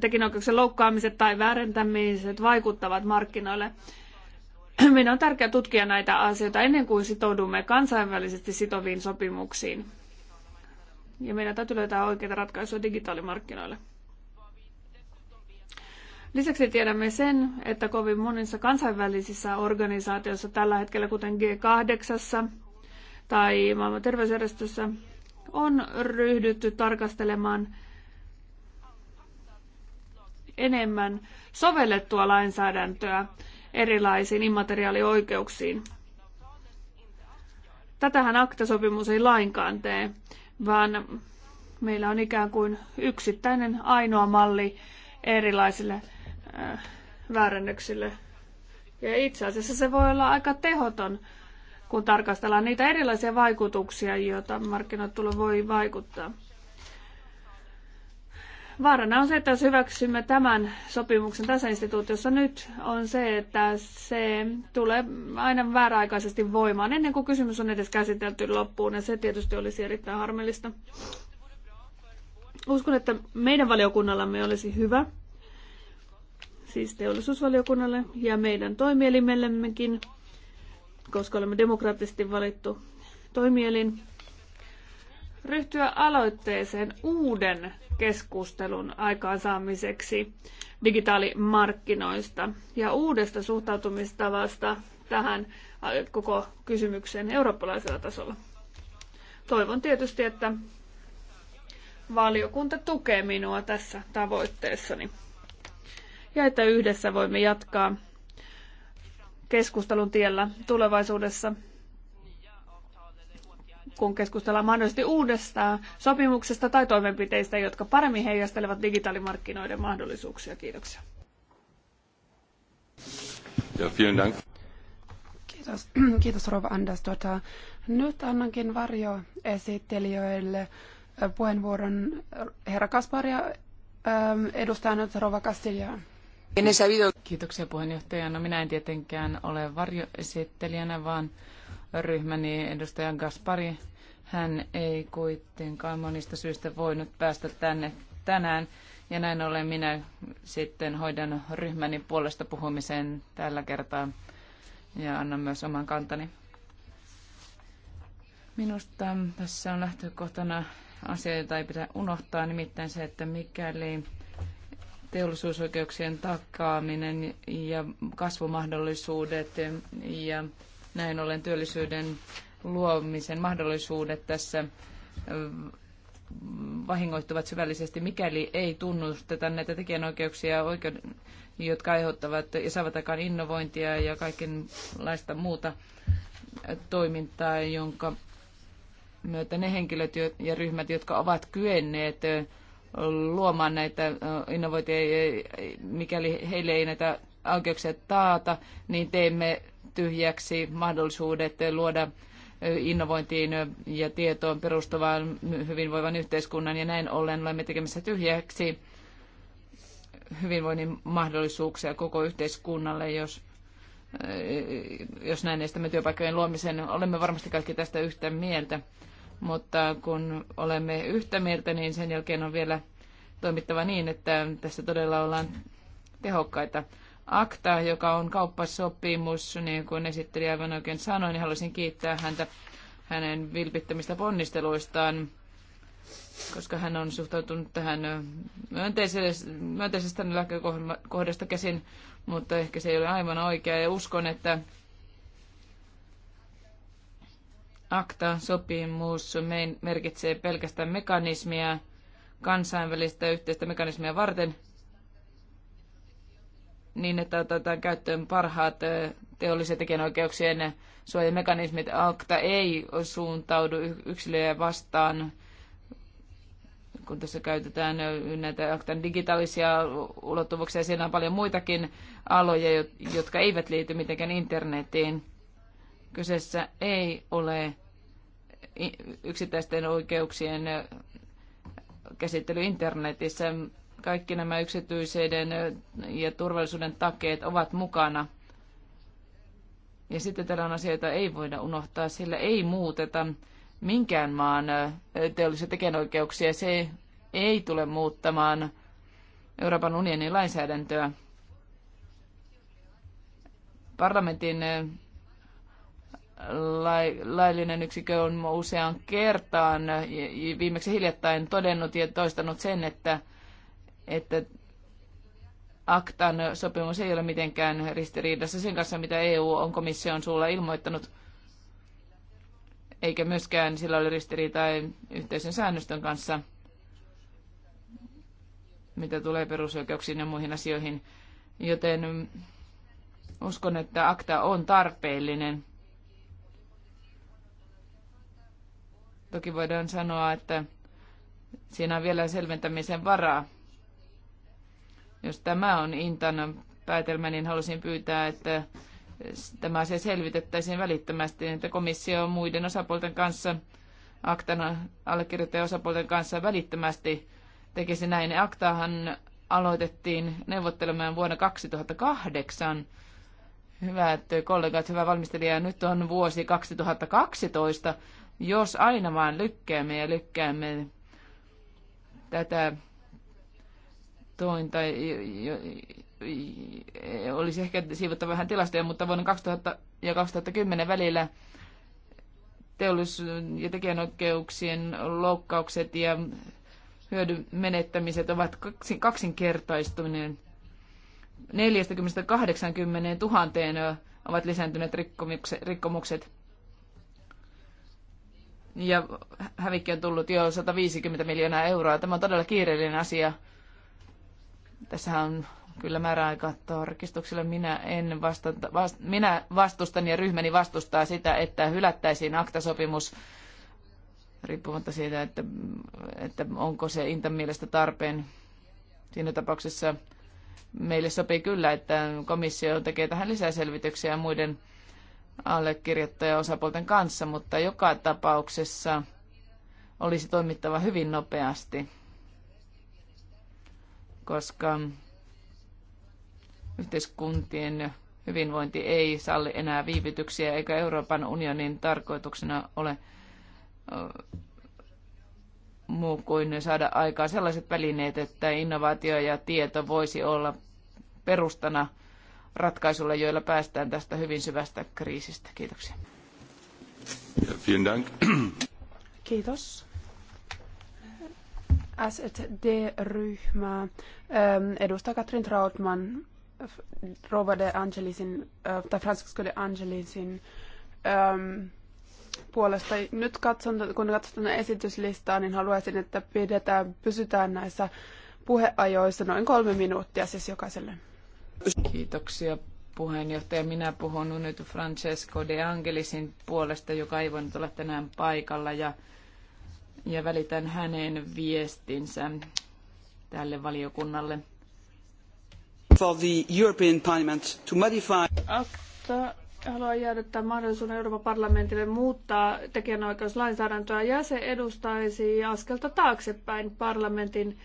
tekinoikeuksien loukkaamiset tai väärentämiset vaikuttavat markkinoille. Meidän on tärkeää tutkia näitä asioita ennen kuin sitoudumme kansainvälisesti sitoviin sopimuksiin. Ja meidän täytyy löytää oikeita ratkaisuja digitaalimarkkinoille. Lisäksi tiedämme sen, että kovin monissa kansainvälisissä organisaatioissa tällä hetkellä, kuten G8 tai maailman terveysjärjestössä, on ryhdytty tarkastelemaan enemmän sovellettua lainsäädäntöä erilaisiin immateriaalioikeuksiin. Tätähän aktasopimus ei lainkaan tee, vaan meillä on ikään kuin yksittäinen ainoa malli erilaisille äh, väärännöksille. Ja itse asiassa se voi olla aika tehoton kun tarkastellaan niitä erilaisia vaikutuksia, joita markkinoitulo voi vaikuttaa. Vaarana on se, että jos hyväksymme tämän sopimuksen tässä instituutiossa nyt, on se, että se tulee aina vääräaikaisesti voimaan ennen kuin kysymys on edes käsitelty loppuun, ja se tietysti olisi erittäin harmillista. Uskon, että meidän valiokunnallamme olisi hyvä, siis teollisuusvaliokunnalle ja meidän toimielimellemmekin, koska olemme demokraattisesti valittu toimielin, ryhtyä aloitteeseen uuden keskustelun aikaansaamiseksi digitaalimarkkinoista ja uudesta suhtautumistavasta tähän koko kysymykseen eurooppalaisella tasolla. Toivon tietysti, että valiokunta tukee minua tässä tavoitteessani ja että yhdessä voimme jatkaa keskustelun tiellä tulevaisuudessa, kun keskustellaan mahdollisesti uudesta sopimuksesta tai toimenpiteistä, jotka paremmin heijastelevat digitaalimarkkinoiden mahdollisuuksia. Kiitoksia. Ja, vielen Dank. Kiitos, kiitos Rova Anders. Tuota, nyt annankin varjo esittelijöille äh, puheenvuoron herra Kasparia ähm, edustaa nyt Rova Kiitoksia puheenjohtaja. No minä en tietenkään ole varjoesittelijänä, vaan ryhmäni edustaja Gaspari. Hän ei kuitenkaan monista syistä voinut päästä tänne tänään. Ja näin ollen minä sitten hoidan ryhmäni puolesta puhumisen tällä kertaa ja annan myös oman kantani. Minusta tässä on lähtökohtana asia, jota ei pidä unohtaa, nimittäin se, että mikäli teollisuusoikeuksien takaaminen ja kasvumahdollisuudet ja näin ollen työllisyyden luomisen mahdollisuudet tässä mm, vahingoittuvat syvällisesti, mikäli ei tunnusteta näitä tekijänoikeuksia, jotka aiheuttavat ja saavat aikaan innovointia ja kaikenlaista muuta toimintaa, jonka myötä ne henkilöt ja ryhmät, jotka ovat kyenneet luomaan näitä innovointeja, mikäli heille ei näitä oikeuksia taata, niin teemme tyhjäksi mahdollisuudet luoda innovointiin ja tietoon perustuvan hyvinvoivan yhteiskunnan ja näin ollen olemme tekemässä tyhjäksi hyvinvoinnin mahdollisuuksia koko yhteiskunnalle, jos, jos näin estämme työpaikkojen luomisen. Olemme varmasti kaikki tästä yhtä mieltä mutta kun olemme yhtä mieltä, niin sen jälkeen on vielä toimittava niin, että tässä todella ollaan tehokkaita. Akta, joka on kauppasopimus, niin kuin esittelijä aivan oikein sanoi, niin haluaisin kiittää häntä hänen vilpittömistä ponnisteluistaan, koska hän on suhtautunut tähän myönteisestä, lähtökohdasta käsin, mutta ehkä se ei ole aivan oikea. Ja uskon, että ACTA-sopimus merkitsee pelkästään mekanismia, kansainvälistä yhteistä mekanismia varten, niin että otetaan käyttöön parhaat teollisen tekijänoikeuksien suojamekanismit. ACTA ei suuntaudu yksilöjä vastaan, kun tässä käytetään näitä ACTAn digitaalisia ulottuvuuksia. Siellä on paljon muitakin aloja, jotka eivät liity mitenkään internetiin Kyseessä ei ole yksittäisten oikeuksien käsittely internetissä. Kaikki nämä yksityisyyden ja turvallisuuden takeet ovat mukana. Ja sitten täällä on asioita, ei voida unohtaa, sillä ei muuteta minkään maan teollisia tekijänoikeuksia. Se ei tule muuttamaan Euroopan unionin lainsäädäntöä. Parlamentin laillinen yksikö on useaan kertaan viimeksi hiljattain todennut ja toistanut sen, että, että Aktan sopimus ei ole mitenkään ristiriidassa sen kanssa, mitä EU on komission suulla ilmoittanut, eikä myöskään sillä ole ristiriitaa yhteisen säännöstön kanssa, mitä tulee perusoikeuksiin ja muihin asioihin. Joten uskon, että akta on tarpeellinen Toki voidaan sanoa, että siinä on vielä selventämisen varaa. Jos tämä on Intan päätelmä, niin halusin pyytää, että tämä asia selvitettäisiin välittömästi, että komissio muiden osapuolten kanssa, aktan osapuolten kanssa välittömästi tekisi näin. Aktahan aloitettiin neuvottelemaan vuonna 2008. Hyvät kollegat, hyvä valmistelija, nyt on vuosi 2012. Jos aina vaan lykkäämme ja lykkäämme tätä tointa, olisi ehkä siivottava vähän tilastoja, mutta vuoden 2000 ja 2010 välillä teollisuuden ja tekijänoikeuksien loukkaukset ja hyödyn menettämiset ovat kaksinkertaistuneet. 40-80 000 ovat lisääntyneet rikkomukset ja hävikki on tullut jo 150 miljoonaa euroa. Tämä on todella kiireellinen asia. Tässä on kyllä määräaika tarkistukselle. Minä, en vastata, vast, minä vastustan ja ryhmäni vastustaa sitä, että hylättäisiin aktasopimus riippumatta siitä, että, että onko se Intan mielestä tarpeen. Siinä tapauksessa meille sopii kyllä, että komissio tekee tähän lisää selvityksiä muiden allekirjoittajaosapuolten kanssa, mutta joka tapauksessa olisi toimittava hyvin nopeasti, koska yhteiskuntien hyvinvointi ei salli enää viivytyksiä, eikä Euroopan unionin tarkoituksena ole muu kuin saada aikaan sellaiset välineet, että innovaatio ja tieto voisi olla perustana – ratkaisulle, joilla päästään tästä hyvin syvästä kriisistä. Kiitoksia. Kiitos. SD-ryhmä. Ähm, Edustaja Katrin Trautman, Rova de Angelisin, äh, tai Francisco de Angelisin ähm, puolesta. Nyt katson, kun katson esityslistaa, niin haluaisin, että pidetään, pysytään näissä puheajoissa noin kolme minuuttia siis jokaiselle. Kiitoksia puheenjohtaja. Minä puhun nyt Francesco de Angelisin puolesta, joka ei voinut olla tänään paikalla ja, ja välitän hänen viestinsä tälle valiokunnalle. For the European Parliament to modify... Akta haluaa tämän mahdollisuuden Euroopan parlamentille muuttaa tekijänoikeuslainsäädäntöä ja se edustaisi askelta taaksepäin parlamentin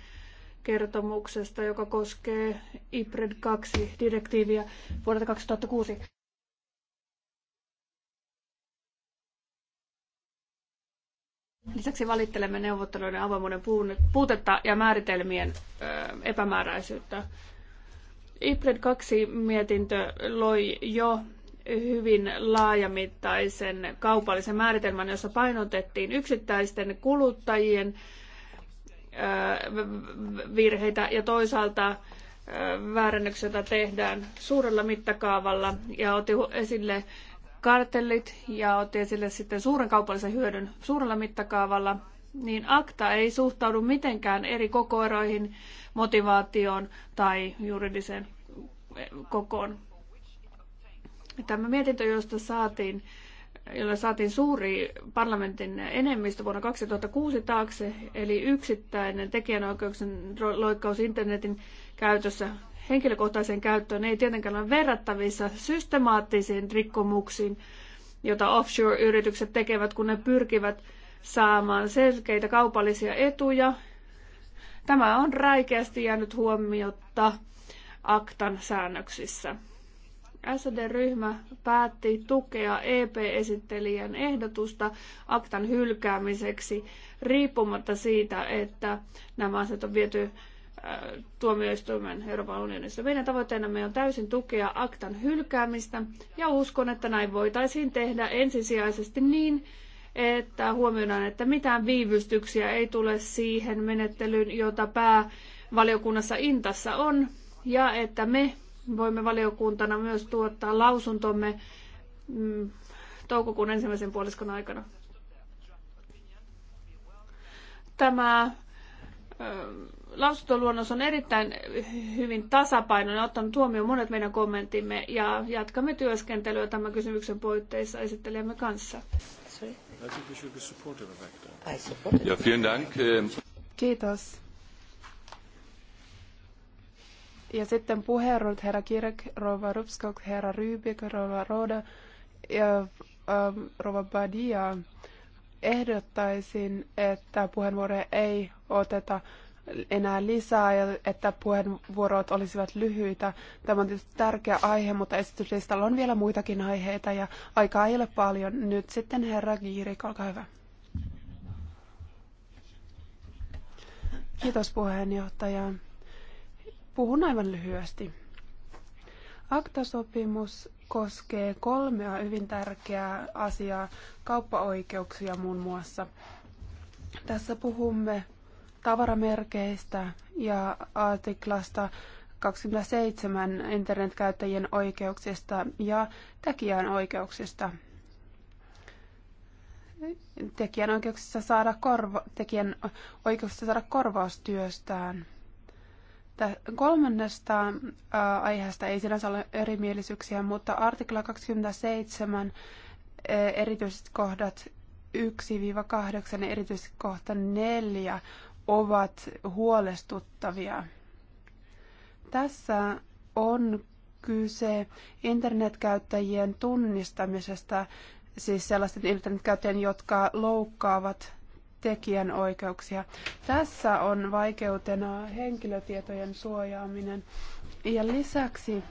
kertomuksesta, joka koskee IPRED 2-direktiiviä vuodelta 2006. Lisäksi valittelemme neuvotteluiden avoimuuden puutetta ja määritelmien epämääräisyyttä. IPRED 2-mietintö loi jo hyvin laajamittaisen kaupallisen määritelmän, jossa painotettiin yksittäisten kuluttajien virheitä ja toisaalta väärennöksiä, joita tehdään suurella mittakaavalla ja otti esille kartellit ja otti esille sitten suuren kaupallisen hyödyn suurella mittakaavalla, niin akta ei suhtaudu mitenkään eri kokoeroihin, motivaatioon tai juridiseen kokoon. Tämä mietintö, josta saatiin jolla saatiin suuri parlamentin enemmistö vuonna 2006 taakse, eli yksittäinen tekijänoikeuksien loikkaus internetin käytössä henkilökohtaiseen käyttöön ei tietenkään ole verrattavissa systemaattisiin rikkomuksiin, joita offshore-yritykset tekevät, kun ne pyrkivät saamaan selkeitä kaupallisia etuja. Tämä on räikeästi jäänyt huomiotta aktan säännöksissä. SD-ryhmä päätti tukea EP-esittelijän ehdotusta aktan hylkäämiseksi riippumatta siitä, että nämä asiat on viety äh, tuomioistuimen Euroopan unionissa. Meidän tavoitteenamme on täysin tukea aktan hylkäämistä ja uskon, että näin voitaisiin tehdä ensisijaisesti niin, että huomioidaan, että mitään viivystyksiä ei tule siihen menettelyyn, jota päävaliokunnassa Intassa on, ja että me voimme valiokuntana myös tuottaa lausuntomme mm, toukokuun ensimmäisen puoliskon aikana. Tämä lausuntoluonnos on erittäin hyvin tasapainoinen, ottanut huomioon monet meidän kommenttimme ja jatkamme työskentelyä tämän kysymyksen puitteissa esittelemme kanssa. Kiitos. Ja sitten puheenjohtajat herra Kirk, rova Rupskog, herra Rybik, rova Roda ja äh, rova Badia ehdottaisin, että puheenvuoroja ei oteta enää lisää ja että puheenvuorot olisivat lyhyitä. Tämä on tietysti tärkeä aihe, mutta esityslistalla on vielä muitakin aiheita ja aikaa ei ole paljon. Nyt sitten herra Giiri, olkaa hyvä. Kiitos puheenjohtajan. Puhun aivan lyhyesti. Aktasopimus koskee kolmea hyvin tärkeää asiaa, kauppaoikeuksia muun muassa. Tässä puhumme tavaramerkeistä ja artiklasta 27 internetkäyttäjien oikeuksista ja tekijän oikeuksista. Tekijän oikeuksissa saada, korva, tekijän oikeuksista saada korvaus työstään. Kolmannesta aiheesta ei sinänsä ole erimielisyyksiä, mutta artikla 27 erityiset kohdat 1-8 ja erityisesti kohta 4 ovat huolestuttavia. Tässä on kyse internetkäyttäjien tunnistamisesta, siis sellaisten internetkäyttäjien, jotka loukkaavat tekijänoikeuksia. Tässä on vaikeutena henkilötietojen suojaaminen. Ja lisäksi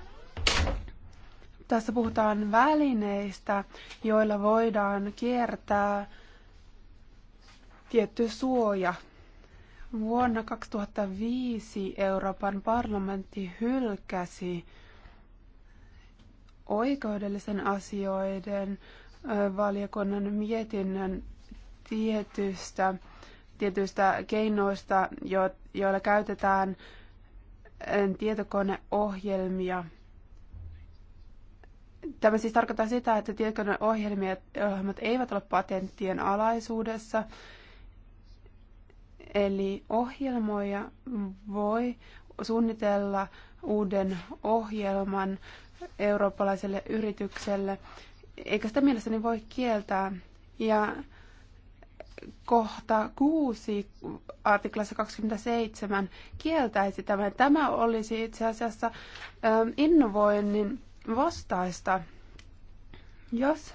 tässä puhutaan välineistä, joilla voidaan kiertää tietty suoja. Vuonna 2005 Euroopan parlamentti hylkäsi oikeudellisen asioiden valiokunnan mietinnön tietystä, tietyistä keinoista, jo, joilla käytetään eh, tietokoneohjelmia. Tämä siis tarkoittaa sitä, että tietokoneohjelmat eivät ole patenttien alaisuudessa, eli ohjelmoija voi suunnitella uuden ohjelman eurooppalaiselle yritykselle, eikä sitä mielestäni voi kieltää. Ja kohta 6 artiklassa 27 kieltäisi tämän. Tämä olisi itse asiassa ähm, innovoinnin vastaista, jos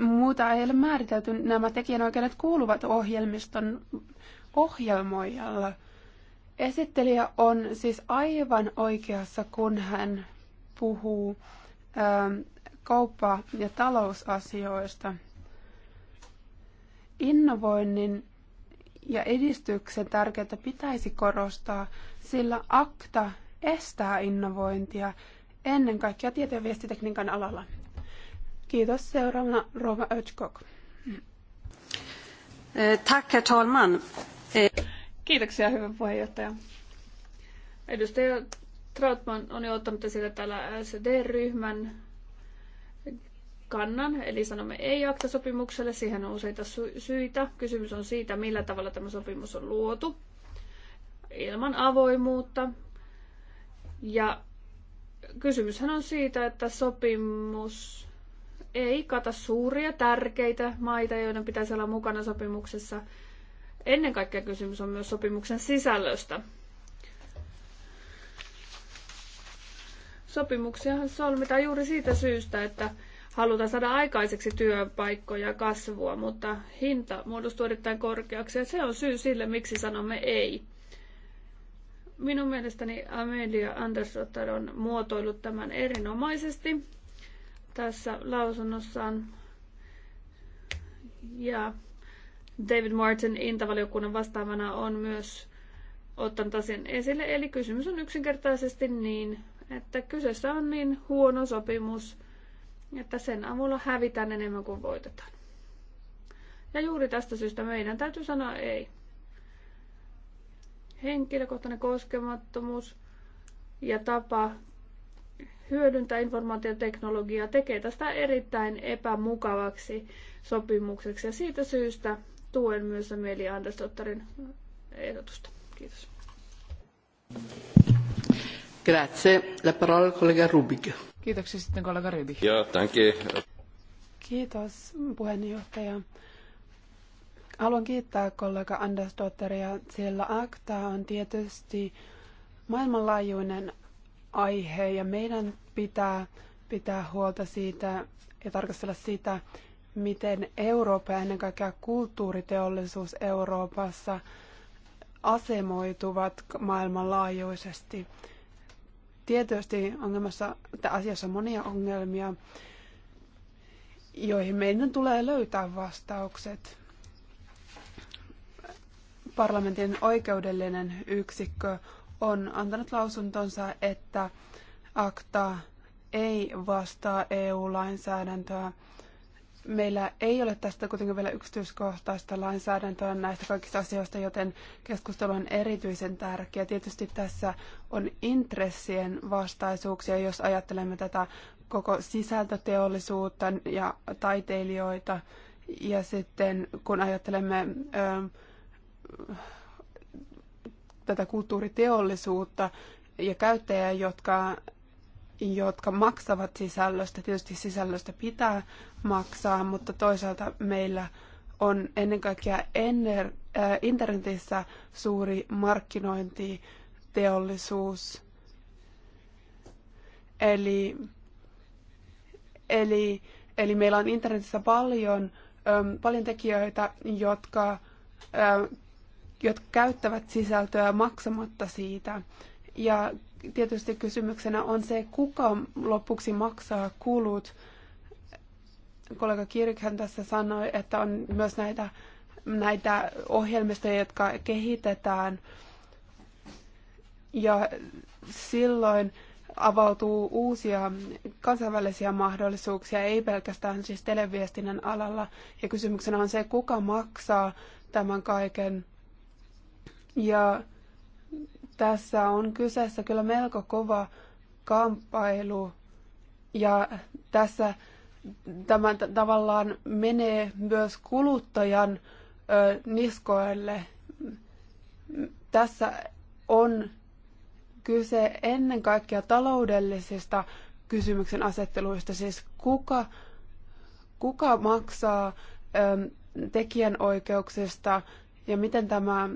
muuta ei ole määritelty. Nämä tekijänoikeudet kuuluvat ohjelmiston ohjelmoijalla. Esittelijä on siis aivan oikeassa, kun hän puhuu ähm, kauppa- ja talousasioista. Innovoinnin ja edistyksen tärkeyttä pitäisi korostaa, sillä akta estää innovointia ennen kaikkea tieto- ja viestitekniikan alalla. Kiitos. Seuraavana Rova Ötskog. Eh, tack, herr talman. Eh, Kiitoksia, hyvä puheenjohtaja. Edustaja Trautman on jo ottanut esille täällä SD-ryhmän kannan, eli sanomme ei akta-sopimukselle. Siihen on useita syitä. Kysymys on siitä, millä tavalla tämä sopimus on luotu ilman avoimuutta. Ja kysymyshän on siitä, että sopimus ei kata suuria tärkeitä maita, joiden pitäisi olla mukana sopimuksessa. Ennen kaikkea kysymys on myös sopimuksen sisällöstä. Sopimuksiahan solmitaan juuri siitä syystä, että halutaan saada aikaiseksi työpaikkoja ja kasvua, mutta hinta muodostuu erittäin korkeaksi ja se on syy sille, miksi sanomme ei. Minun mielestäni Amelia Andersson on muotoillut tämän erinomaisesti tässä lausunnossaan. Ja David Martin intavaliokunnan vastaavana on myös ottanut asian esille. Eli kysymys on yksinkertaisesti niin, että kyseessä on niin huono sopimus, että sen avulla hävitään enemmän kuin voitetaan. Ja juuri tästä syystä meidän täytyy sanoa ei. Henkilökohtainen koskemattomuus ja tapa hyödyntää informaatioteknologiaa tekee tästä erittäin epämukavaksi sopimukseksi ja siitä syystä tuen myös Meli Andersdottarin ehdotusta. Kiitos. Grazie. La parola collega Rubik. Kiitoksia sitten kollega Ryby. Joo, you. Kiitos puheenjohtaja. Haluan kiittää kollega Anders Dotteria, sillä ACTA on tietysti maailmanlaajuinen aihe ja meidän pitää pitää huolta siitä ja tarkastella sitä, miten Eurooppa ja ennen kaikkea kulttuuriteollisuus Euroopassa asemoituvat maailmanlaajuisesti. Tietysti ongelmassa, asiassa on monia ongelmia, joihin meidän tulee löytää vastaukset. Parlamentin oikeudellinen yksikkö on antanut lausuntonsa, että akta ei vastaa EU-lainsäädäntöä Meillä ei ole tästä kuitenkin vielä yksityiskohtaista lainsäädäntöä näistä kaikista asioista, joten keskustelu on erityisen tärkeä. Tietysti tässä on intressien vastaisuuksia, jos ajattelemme tätä koko sisältöteollisuutta ja taiteilijoita. Ja sitten kun ajattelemme ö, ähm, tätä kulttuuriteollisuutta ja käyttäjiä, jotka jotka maksavat sisällöstä. Tietysti sisällöstä pitää maksaa, mutta toisaalta meillä on ennen kaikkea ener, äh, internetissä suuri markkinointiteollisuus. Eli, eli, eli meillä on internetissä paljon, ähm, paljon tekijöitä, jotka, äh, jotka käyttävät sisältöä maksamatta siitä. Ja tietysti kysymyksenä on se, kuka lopuksi maksaa kulut. Kollega Kirkhän tässä sanoi, että on myös näitä, näitä ohjelmistoja, jotka kehitetään. Ja silloin avautuu uusia kansainvälisiä mahdollisuuksia, ei pelkästään siis televiestinnän alalla. Ja kysymyksenä on se, kuka maksaa tämän kaiken. Ja tässä on kyseessä kyllä melko kova kamppailu ja tässä tämä tavallaan menee myös kuluttajan ö, niskoille. Tässä on kyse ennen kaikkea taloudellisista kysymyksen asetteluista, siis kuka, kuka maksaa ö, tekijänoikeuksista ja miten tämä,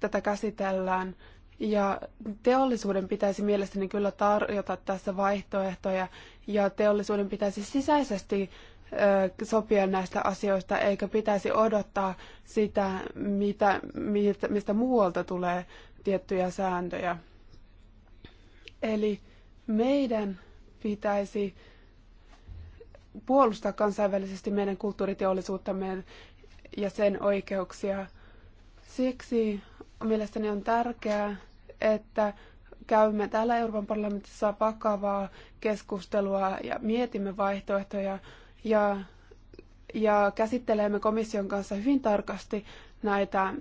tätä käsitellään. Ja teollisuuden pitäisi mielestäni kyllä tarjota tässä vaihtoehtoja ja teollisuuden pitäisi sisäisesti sopia näistä asioista, eikä pitäisi odottaa sitä, mitä, mistä muualta tulee tiettyjä sääntöjä. Eli meidän pitäisi puolustaa kansainvälisesti meidän kulttuuriteollisuuttamme ja sen oikeuksia. Siksi mielestäni on tärkeää, että käymme täällä Euroopan parlamentissa vakavaa keskustelua ja mietimme vaihtoehtoja ja, ja käsittelemme komission kanssa hyvin tarkasti näitä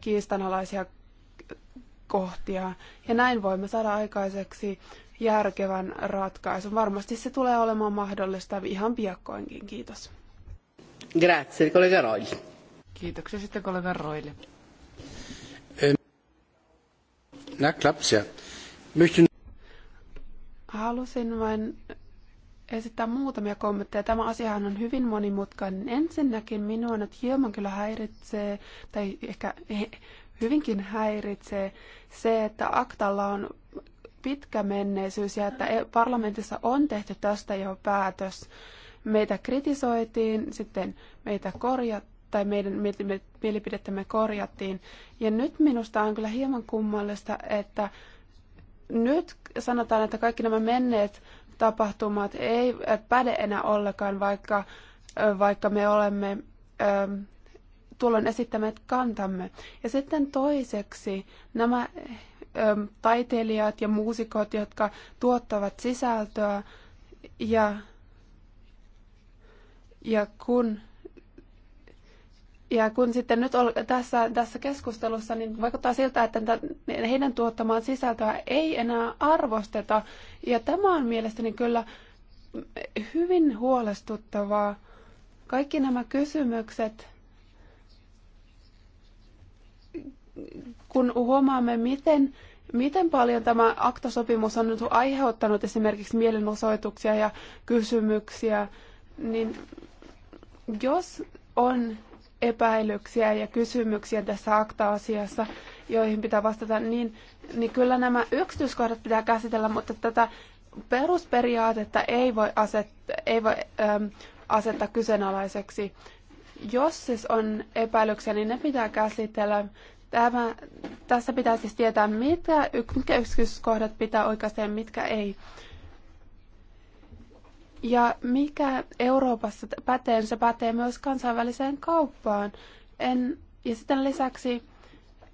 kiistanalaisia kohtia. Ja näin voimme saada aikaiseksi järkevän ratkaisun. Varmasti se tulee olemaan mahdollista ihan piakkoinkin. Kiitos. Grazie, kollega Roil. Kiitoksia sitten kollega Roille. Na, ja. Halusin vain esittää muutamia kommentteja. Tämä asiahan on hyvin monimutkainen. Ensinnäkin minua nyt hieman kyllä häiritsee, tai ehkä hyvinkin häiritsee se, että Aktalla on pitkä menneisyys ja että e- parlamentissa on tehty tästä jo päätös. Meitä kritisoitiin, sitten meitä korjattiin tai meidän mielipidettämme korjattiin. Ja nyt minusta on kyllä hieman kummallista, että nyt sanotaan, että kaikki nämä menneet tapahtumat ei päde enää ollenkaan, vaikka, vaikka me olemme ö, tuolloin esittämät kantamme. Ja sitten toiseksi nämä taiteilijat ja muusikot, jotka tuottavat sisältöä ja, ja kun ja kun sitten nyt ol, tässä, tässä keskustelussa, niin vaikuttaa siltä, että heidän tuottamaan sisältöä ei enää arvosteta. Ja tämä on mielestäni kyllä hyvin huolestuttavaa. Kaikki nämä kysymykset, kun huomaamme, miten, miten paljon tämä aktosopimus on nyt aiheuttanut esimerkiksi mielenosoituksia ja kysymyksiä, niin jos on epäilyksiä ja kysymyksiä tässä akta-asiassa, joihin pitää vastata, niin, niin kyllä nämä yksityiskohdat pitää käsitellä, mutta tätä perusperiaatetta ei voi, aset, ei voi äm, asettaa kyseenalaiseksi. Jos siis on epäilyksiä, niin ne pitää käsitellä. Tämä, tässä pitää siis tietää, mitä, mitkä yksityiskohdat pitää oikeastaan ja mitkä ei. Ja mikä Euroopassa pätee, se pätee myös kansainväliseen kauppaan. En, ja sitten lisäksi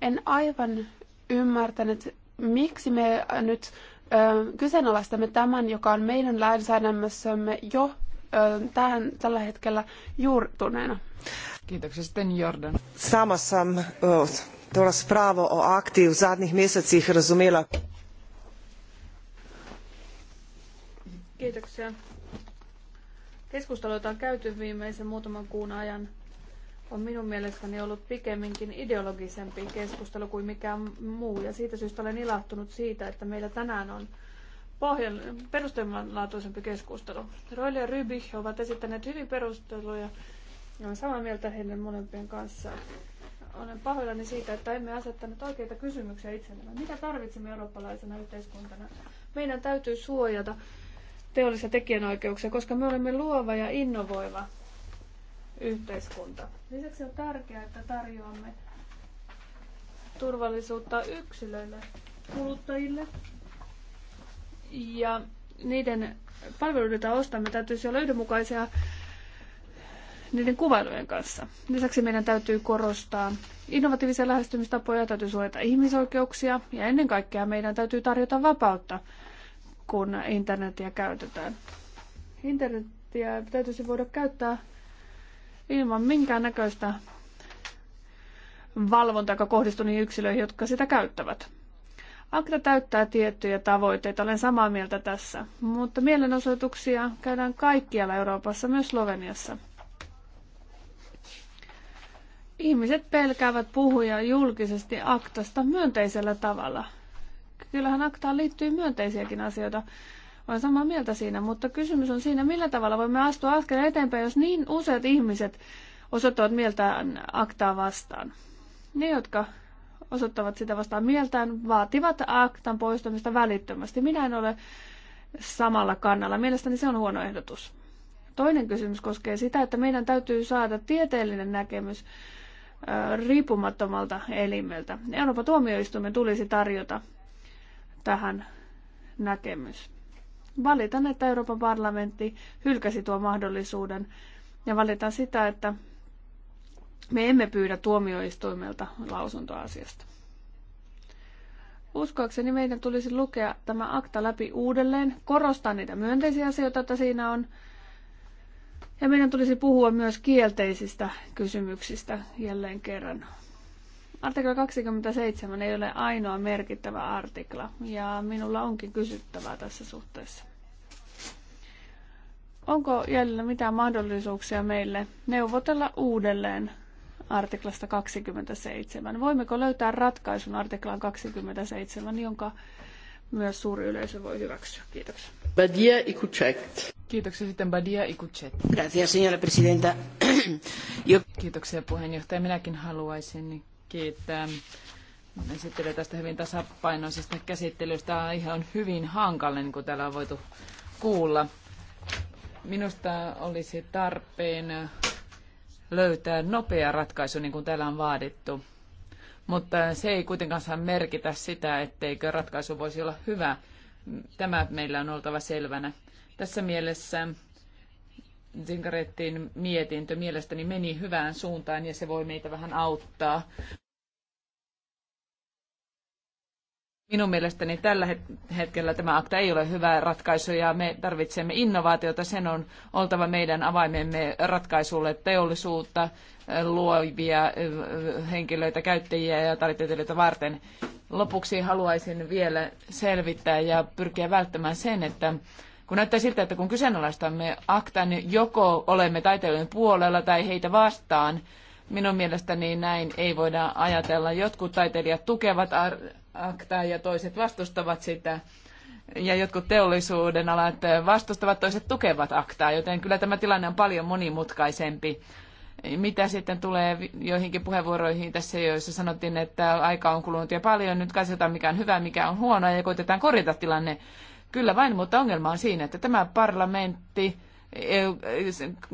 en aivan ymmärtänyt, miksi me nyt ö, kyseenalaistamme tämän, joka on meidän lainsäädännössämme jo ö, tähän, tällä hetkellä juurtuneena. Kiitoksia sitten Jordan. Samassa sam Pravo razpravo o akti v zadnjih mesecih razumela. Kiitoksia. Keskustelu, jota on käyty viimeisen muutaman kuun ajan, on minun mielestäni ollut pikemminkin ideologisempi keskustelu kuin mikään muu. Ja siitä syystä olen ilahtunut siitä, että meillä tänään on pohjan, keskustelu. Roil ja Ryby ovat esittäneet hyvin perusteluja ja olen samaa mieltä heidän molempien kanssa. Olen pahoillani siitä, että emme asettaneet oikeita kysymyksiä itsellemme. Mitä tarvitsemme eurooppalaisena yhteiskuntana? Meidän täytyy suojata teollisia tekijänoikeuksia, koska me olemme luova ja innovoiva yhteiskunta. Lisäksi on tärkeää, että tarjoamme turvallisuutta yksilöille, kuluttajille ja niiden joita ostamme täytyisi olla yhdenmukaisia niiden kuvailujen kanssa. Lisäksi meidän täytyy korostaa innovatiivisia lähestymistapoja, täytyy suojata ihmisoikeuksia ja ennen kaikkea meidän täytyy tarjota vapautta kun internetiä käytetään. Internetiä täytyisi voida käyttää ilman minkäännäköistä valvontaa, joka kohdistuu niihin yksilöihin, jotka sitä käyttävät. Akta täyttää tiettyjä tavoitteita, olen samaa mieltä tässä, mutta mielenosoituksia käydään kaikkialla Euroopassa, myös Sloveniassa. Ihmiset pelkäävät puhuja julkisesti aktasta myönteisellä tavalla. Kyllähän aktaan liittyy myönteisiäkin asioita. Olen samaa mieltä siinä, mutta kysymys on siinä, millä tavalla voimme astua askeleen eteenpäin, jos niin useat ihmiset osoittavat mieltään aktaa vastaan. Ne, jotka osoittavat sitä vastaan mieltään, vaativat aktan poistamista välittömästi. Minä en ole samalla kannalla. Mielestäni se on huono ehdotus. Toinen kysymys koskee sitä, että meidän täytyy saada tieteellinen näkemys riippumattomalta elimeltä. Euroopan tuomioistuimen tulisi tarjota tähän näkemys. Valitan, että Euroopan parlamentti hylkäsi tuon mahdollisuuden ja valitan sitä, että me emme pyydä tuomioistuimelta lausuntoa asiasta. Uskoakseni meidän tulisi lukea tämä akta läpi uudelleen, korostaa niitä myönteisiä asioita, joita siinä on. Ja meidän tulisi puhua myös kielteisistä kysymyksistä jälleen kerran. Artikla 27 ei ole ainoa merkittävä artikla ja minulla onkin kysyttävää tässä suhteessa. Onko jäljellä mitään mahdollisuuksia meille neuvotella uudelleen artiklasta 27? Voimmeko löytää ratkaisun artiklaan 27, jonka myös suuri yleisö voi hyväksyä? Kiitoksia. Badia Ikuchet. Kiitoksia sitten Badia Ikuchet. Gracias, señora presidenta. Kiitoksia puheenjohtaja. Minäkin haluaisin kiittää Esittelen tästä hyvin tasapainoisesta käsittelystä. Tämä on ihan hyvin hankala, niin kuin täällä on voitu kuulla. Minusta olisi tarpeen löytää nopea ratkaisu, niin kuin täällä on vaadittu. Mutta se ei kuitenkaan saa merkitä sitä, etteikö ratkaisu voisi olla hyvä. Tämä meillä on oltava selvänä. Tässä mielessä Zinkarettin mietintö mielestäni meni hyvään suuntaan ja se voi meitä vähän auttaa Minun mielestäni tällä hetkellä tämä akta ei ole hyvä ratkaisu ja me tarvitsemme innovaatiota. Sen on oltava meidän avaimemme ratkaisulle teollisuutta, luovia henkilöitä, käyttäjiä ja tarvitteilijoita varten. Lopuksi haluaisin vielä selvittää ja pyrkiä välttämään sen, että kun näyttää siltä, että kun kyseenalaistamme aktan, niin joko olemme taiteilijoiden puolella tai heitä vastaan, minun mielestäni näin ei voida ajatella. Jotkut taiteilijat tukevat ar- aktaa ja toiset vastustavat sitä. Ja jotkut teollisuuden alat vastustavat, toiset tukevat aktaa, joten kyllä tämä tilanne on paljon monimutkaisempi. Mitä sitten tulee joihinkin puheenvuoroihin tässä, joissa sanottiin, että aika on kulunut ja paljon, nyt katsotaan mikä on hyvä, mikä on huono ja koitetaan korjata tilanne. Kyllä vain, mutta ongelma on siinä, että tämä parlamentti,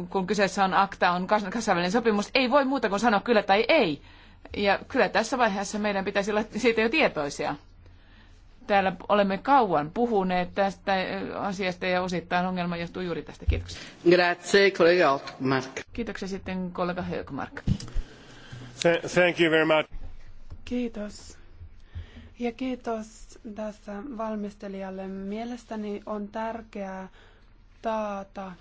kun kyseessä on akta, on kansainvälinen sopimus, ei voi muuta kuin sanoa kyllä tai ei. Ja kyllä tässä vaiheessa meidän pitäisi olla siitä jo tietoisia. Täällä olemme kauan puhuneet tästä asiasta ja osittain ongelma johtuu juuri tästä. Kiitoksia. Grazie, kollega Ottmark. Kiitoksia sitten kollega Högmark. Thank you very much. Kiitos. Ja kiitos tässä valmistelijalle. Mielestäni on tärkeää taata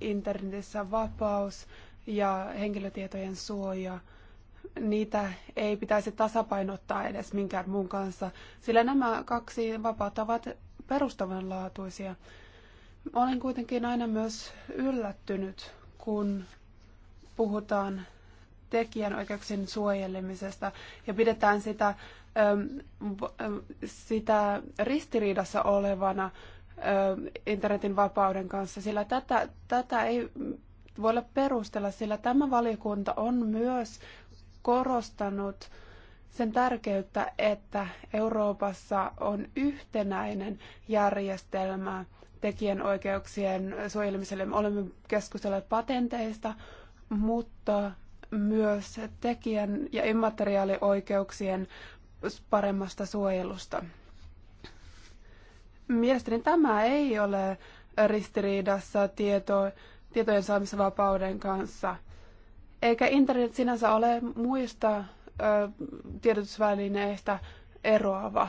internetissä vapaus ja henkilötietojen suoja niitä ei pitäisi tasapainottaa edes minkään muun kanssa, sillä nämä kaksi vapautta ovat perustavanlaatuisia. Olen kuitenkin aina myös yllättynyt, kun puhutaan tekijänoikeuksien suojelemisesta ja pidetään sitä, sitä ristiriidassa olevana internetin vapauden kanssa, sillä tätä, tätä ei voi olla perustella, sillä tämä valiokunta on myös korostanut sen tärkeyttä, että Euroopassa on yhtenäinen järjestelmä tekijänoikeuksien suojelemiselle. Me olemme keskustelleet patenteista, mutta myös tekijän- ja immateriaalioikeuksien paremmasta suojelusta. Mielestäni tämä ei ole ristiriidassa tieto, tietojen saamisvapauden kanssa – eikä internet sinänsä ole muista ö, tiedotusvälineistä eroava.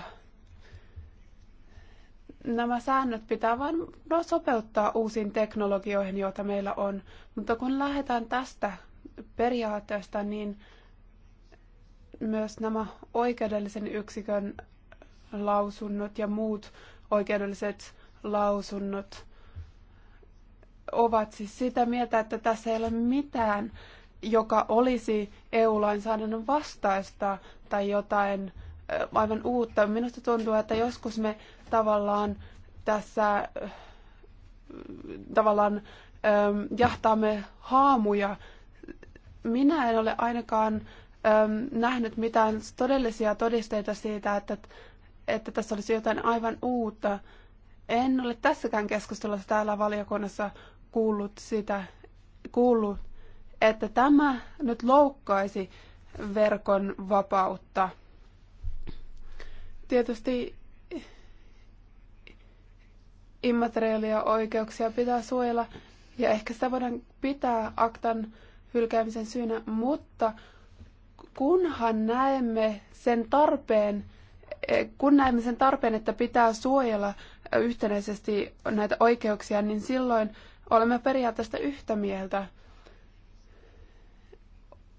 Nämä säännöt pitää vain no, sopeuttaa uusiin teknologioihin, joita meillä on. Mutta kun lähdetään tästä periaatteesta, niin myös nämä oikeudellisen yksikön lausunnot ja muut oikeudelliset lausunnot ovat siis sitä mieltä, että tässä ei ole mitään joka olisi EU-lainsäädännön vastaista tai jotain aivan uutta. Minusta tuntuu, että joskus me tavallaan tässä tavallaan jahtaamme haamuja. Minä en ole ainakaan nähnyt mitään todellisia todisteita siitä, että, että tässä olisi jotain aivan uutta. En ole tässäkään keskustelussa täällä valiokunnassa kuullut sitä, kuullut että tämä nyt loukkaisi verkon vapautta. Tietysti immateriaalia oikeuksia pitää suojella ja ehkä sitä voidaan pitää aktan hylkäämisen syynä, mutta kunhan näemme sen tarpeen, eh, kun näemme sen tarpeen, että pitää suojella yhtenäisesti näitä oikeuksia, niin silloin olemme periaatteesta yhtä mieltä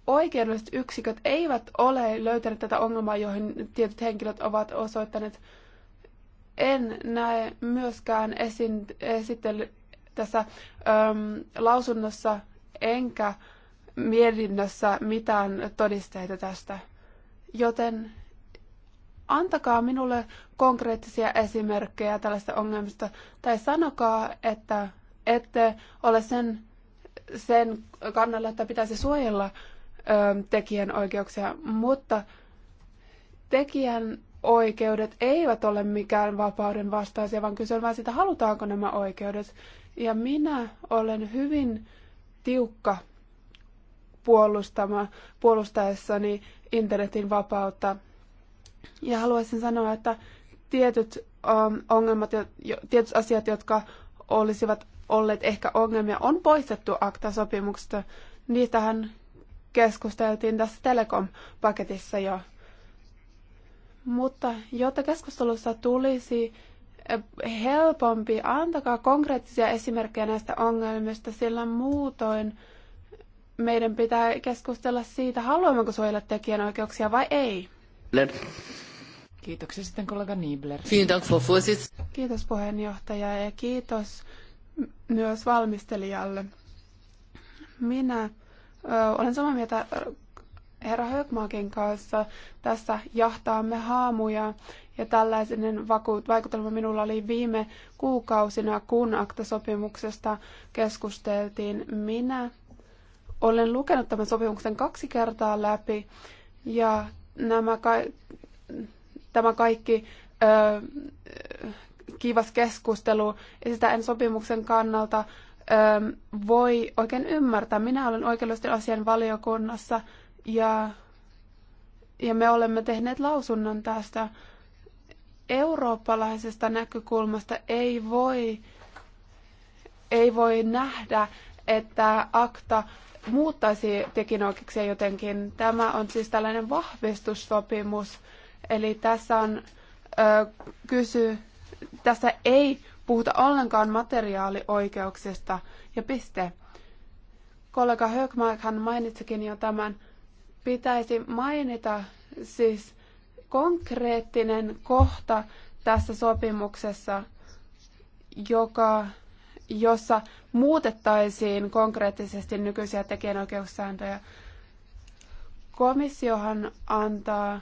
oikeudelliset yksiköt eivät ole löytäneet tätä ongelmaa, johon tietyt henkilöt ovat osoittaneet. En näe myöskään esin, esittely tässä äm, lausunnossa enkä mietinnössä mitään todisteita tästä. Joten antakaa minulle konkreettisia esimerkkejä tällaista ongelmista tai sanokaa, että ette ole sen, sen kannalla, että pitäisi suojella tekijänoikeuksia, mutta tekijän oikeudet eivät ole mikään vapauden vastaisia, vaan kyse on vain siitä, halutaanko nämä oikeudet. Ja minä olen hyvin tiukka puolustama, puolustaessani internetin vapautta. Ja haluaisin sanoa, että tietyt um, ongelmat, jo, tietyt asiat, jotka olisivat olleet ehkä ongelmia, on poistettu akta-sopimuksesta. Niitähän keskusteltiin tässä Telekom-paketissa jo. Mutta jotta keskustelussa tulisi eh, helpompi, antakaa konkreettisia esimerkkejä näistä ongelmista, sillä muutoin meidän pitää keskustella siitä, haluammeko suojella tekijänoikeuksia vai ei. Kiitoksia sitten kollega Niebler. Kiitos puheenjohtaja ja kiitos myös valmistelijalle. Minä olen samaa mieltä herra Högmaakin kanssa. Tässä jahtaamme haamuja ja tällainen vaikutelma minulla oli viime kuukausina, kun aktasopimuksesta keskusteltiin. Minä olen lukenut tämän sopimuksen kaksi kertaa läpi ja nämä ka- tämä kaikki ö, kivas keskustelu esitän sopimuksen kannalta voi oikein ymmärtää. Minä olen oikeudellisten asian valiokunnassa ja, ja me olemme tehneet lausunnon tästä eurooppalaisesta näkökulmasta ei voi, ei voi nähdä, että akta muuttaisi tekinoikeuksia jotenkin. Tämä on siis tällainen vahvistussopimus, eli tässä on ö, kysy, tässä ei puhuta ollenkaan materiaalioikeuksista ja piste. Kollega Högmarkhan mainitsikin jo tämän. Pitäisi mainita siis konkreettinen kohta tässä sopimuksessa, joka, jossa muutettaisiin konkreettisesti nykyisiä tekijänoikeussääntöjä. Komissiohan antaa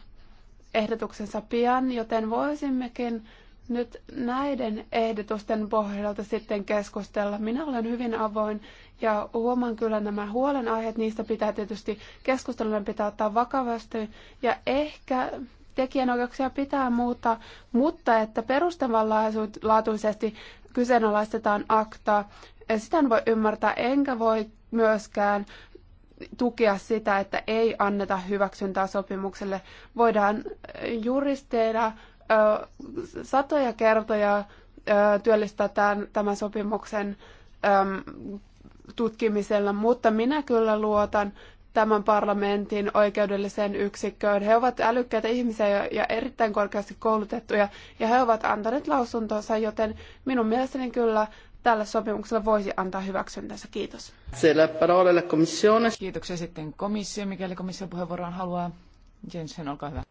ehdotuksensa pian, joten voisimmekin nyt näiden ehdotusten pohjalta sitten keskustella. Minä olen hyvin avoin ja huomaan kyllä nämä huolenaiheet, niistä pitää tietysti keskustelun pitää ottaa vakavasti ja ehkä tekijänoikeuksia pitää muuttaa, mutta että perustavanlaatuisesti kyseenalaistetaan aktaa, sitä en voi ymmärtää, enkä voi myöskään tukea sitä, että ei anneta hyväksyntää sopimukselle. Voidaan juristeina satoja kertoja työllistää tämän, tämän sopimuksen tutkimisella, mutta minä kyllä luotan tämän parlamentin oikeudelliseen yksikköön. He ovat älykkäitä ihmisiä ja erittäin korkeasti koulutettuja, ja he ovat antaneet lausuntonsa, joten minun mielestäni kyllä tällä sopimuksella voisi antaa hyväksyntänsä. Kiitos. Kiitoksia sitten komissio, mikäli komission puheenvuoroon haluaa. Jensen, olkaa hyvä.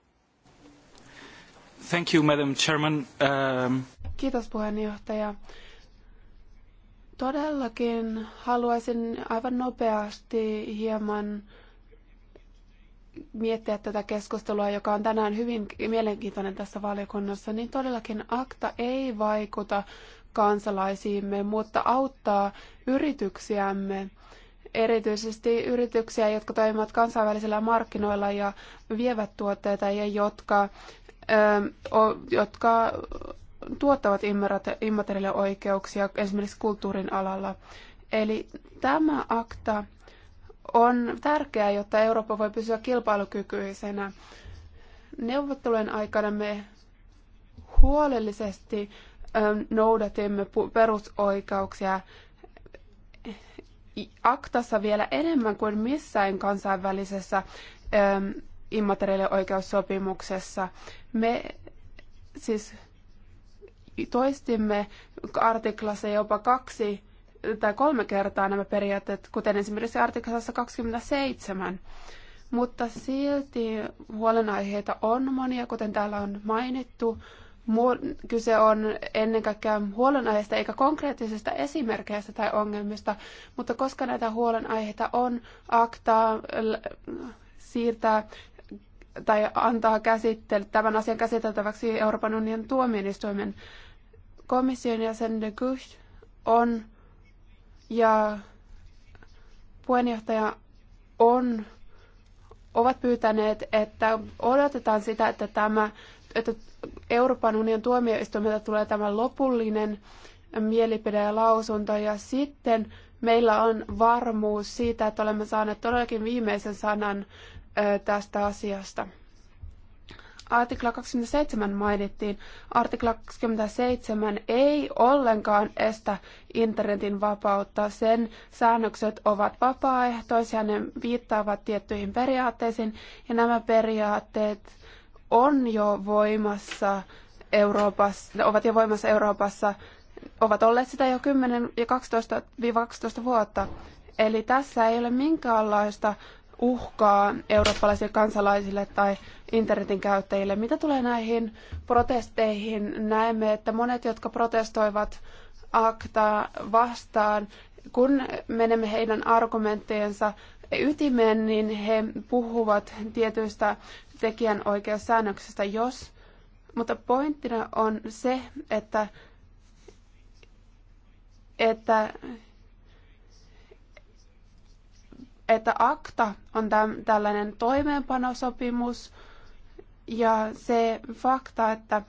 Thank you, Madam Chairman. Um... Kiitos puheenjohtaja. Todellakin haluaisin aivan nopeasti hieman miettiä tätä keskustelua, joka on tänään hyvin mielenkiintoinen tässä valiokunnassa, niin todellakin akta ei vaikuta kansalaisiimme, mutta auttaa yrityksiämme, erityisesti yrityksiä, jotka toimivat kansainvälisillä markkinoilla ja vievät tuotteita ja jotka jotka tuottavat immateriaalioikeuksia esimerkiksi kulttuurin alalla. Eli tämä akta on tärkeää, jotta Eurooppa voi pysyä kilpailukykyisenä. Neuvottelujen aikana me huolellisesti noudatimme perusoikeuksia aktassa vielä enemmän kuin missään kansainvälisessä immateriaalioikeussopimuksessa. Me siis toistimme artiklassa jopa kaksi tai kolme kertaa nämä periaatteet, kuten esimerkiksi artiklassa 27. Mutta silti huolenaiheita on monia, kuten täällä on mainittu. Kyse on ennen kaikkea huolenaiheista eikä konkreettisista esimerkkeistä tai ongelmista, mutta koska näitä huolenaiheita on, aktaa siirtää tai antaa käsittely, tämän asian käsiteltäväksi Euroopan unionin tuomioistuimen komission jäsen de Gucht on ja puheenjohtaja on, ovat pyytäneet, että odotetaan sitä, että, tämä, että Euroopan unionin tuomioistuimelta tulee tämä lopullinen mielipide ja lausunto ja sitten meillä on varmuus siitä, että olemme saaneet todellakin viimeisen sanan tästä asiasta. Artikla 27 mainittiin. Artikla 27 ei ollenkaan estä internetin vapautta. Sen säännökset ovat vapaaehtoisia, ne viittaavat tiettyihin periaatteisiin ja nämä periaatteet on jo voimassa Euroopassa, ovat jo voimassa Euroopassa, ovat olleet sitä jo 10 ja 12-12 vuotta. Eli tässä ei ole minkäänlaista uhkaa eurooppalaisille kansalaisille tai internetin käyttäjille. Mitä tulee näihin protesteihin, näemme, että monet, jotka protestoivat akta vastaan, kun menemme heidän argumentteensa ytimeen, niin he puhuvat tietyistä tekijänoikeussäännöksistä, jos. Mutta pointtina on se, että, että että akta on täm, tällainen toimeenpanosopimus ja se fakta, että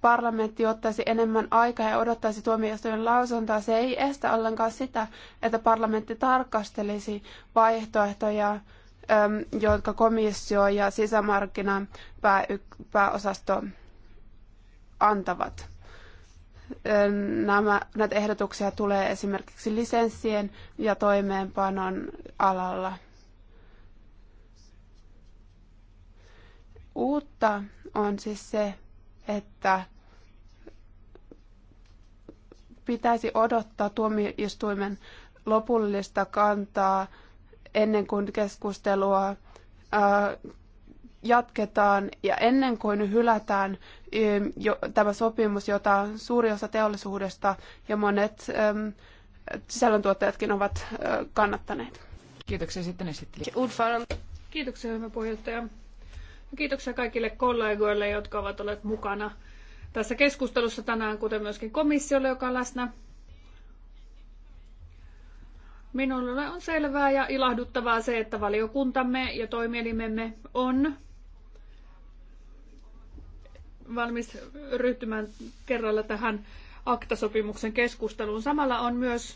parlamentti ottaisi enemmän aikaa ja odottaisi tuomioistuimen lausuntoa, se ei estä ollenkaan sitä, että parlamentti tarkastelisi vaihtoehtoja, jotka komissio ja sisämarkkinapääosasto antavat nämä, näitä ehdotuksia tulee esimerkiksi lisenssien ja toimeenpanon alalla. Uutta on siis se, että pitäisi odottaa tuomioistuimen lopullista kantaa ennen kuin keskustelua jatketaan ja ennen kuin hylätään jo, tämä sopimus, jota suuri osa teollisuudesta ja monet äm, sisällöntuottajatkin ovat ä, kannattaneet. Kiitoksia sitten esittelijä. Kiitoksia hyvä puheenjohtaja. Kiitoksia kaikille kollegoille, jotka ovat olleet mukana tässä keskustelussa tänään, kuten myöskin komissiolle, joka on läsnä. Minulle on selvää ja ilahduttavaa se, että valiokuntamme ja toimielimemme on valmis ryhtymään kerralla tähän aktasopimuksen keskusteluun. Samalla on myös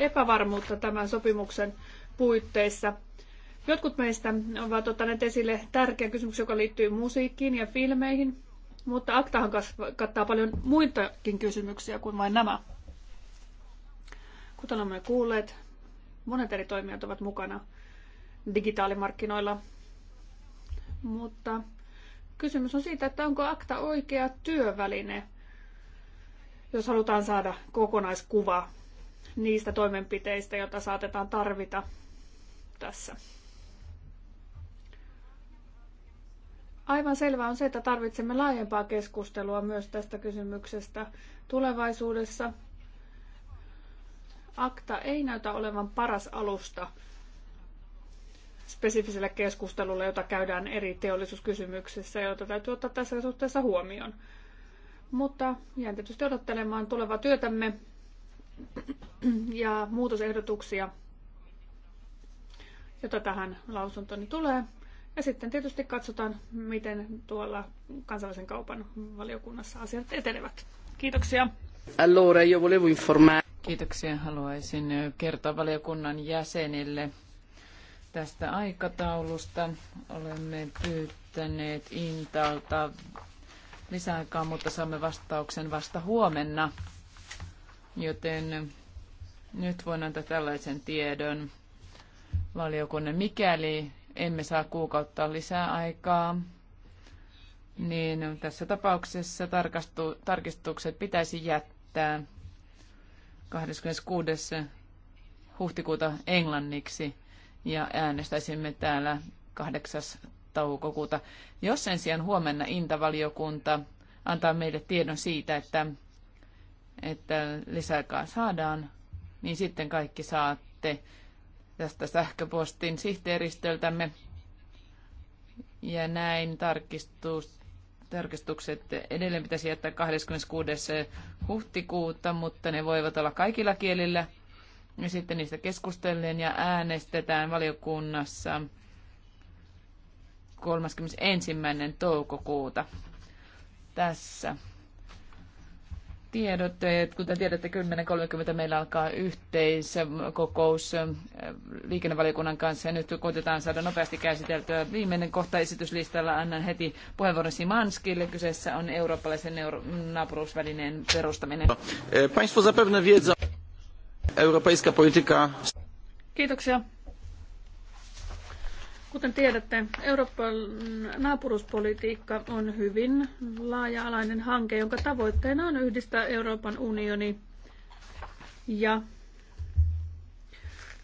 epävarmuutta tämän sopimuksen puitteissa. Jotkut meistä ovat ottaneet esille tärkeä kysymys, joka liittyy musiikkiin ja filmeihin, mutta aktahan kattaa paljon muitakin kysymyksiä kuin vain nämä. Kuten olemme kuulleet, monet eri toimijat ovat mukana digitaalimarkkinoilla, mutta Kysymys on siitä, että onko akta oikea työväline, jos halutaan saada kokonaiskuva niistä toimenpiteistä, joita saatetaan tarvita tässä. Aivan selvää on se, että tarvitsemme laajempaa keskustelua myös tästä kysymyksestä tulevaisuudessa. Akta ei näytä olevan paras alusta spesifiselle keskustelulle, jota käydään eri teollisuuskysymyksissä, jota täytyy ottaa tässä suhteessa huomioon. Mutta jään tietysti odottelemaan tulevaa työtämme ja muutosehdotuksia, jota tähän lausuntoni tulee. Ja sitten tietysti katsotaan, miten tuolla kansallisen kaupan valiokunnassa asiat etenevät. Kiitoksia. Allora, io volevo informare. Kiitoksia. Haluaisin kertoa valiokunnan jäsenille tästä aikataulusta. Olemme pyytäneet Intalta lisäaikaa, mutta saamme vastauksen vasta huomenna. Joten nyt voin antaa tällaisen tiedon valiokunnan. Mikäli emme saa kuukautta lisää aikaa, niin tässä tapauksessa tarkastu, tarkistukset pitäisi jättää 26. huhtikuuta englanniksi ja äänestäisimme täällä 8. toukokuuta. Jos sen sijaan huomenna Intavaliokunta antaa meille tiedon siitä, että, että lisäaikaa saadaan, niin sitten kaikki saatte tästä sähköpostin sihteeristöltämme. Ja näin tarkistus, tarkistukset edelleen pitäisi jättää 26. huhtikuuta, mutta ne voivat olla kaikilla kielillä – ja sitten niistä keskustellen ja äänestetään valiokunnassa 31. toukokuuta tässä tiedot. Eh, kuten tiedätte, 10.30 meillä alkaa yhteiskokous eh, liikennevaliokunnan kanssa. Ja nyt koitetaan saada nopeasti käsiteltyä viimeinen kohta esityslistalla. Annan heti puheenvuoron Simanskille. Kyseessä on eurooppalaisen euro- naapuruusvälineen perustaminen. Eh, państwo zapewne wiedzą europejska polityka... Kiitoksia. Kuten tiedätte, Euroopan naapuruuspolitiikka on hyvin laaja-alainen hanke, jonka tavoitteena on yhdistää Euroopan unioni ja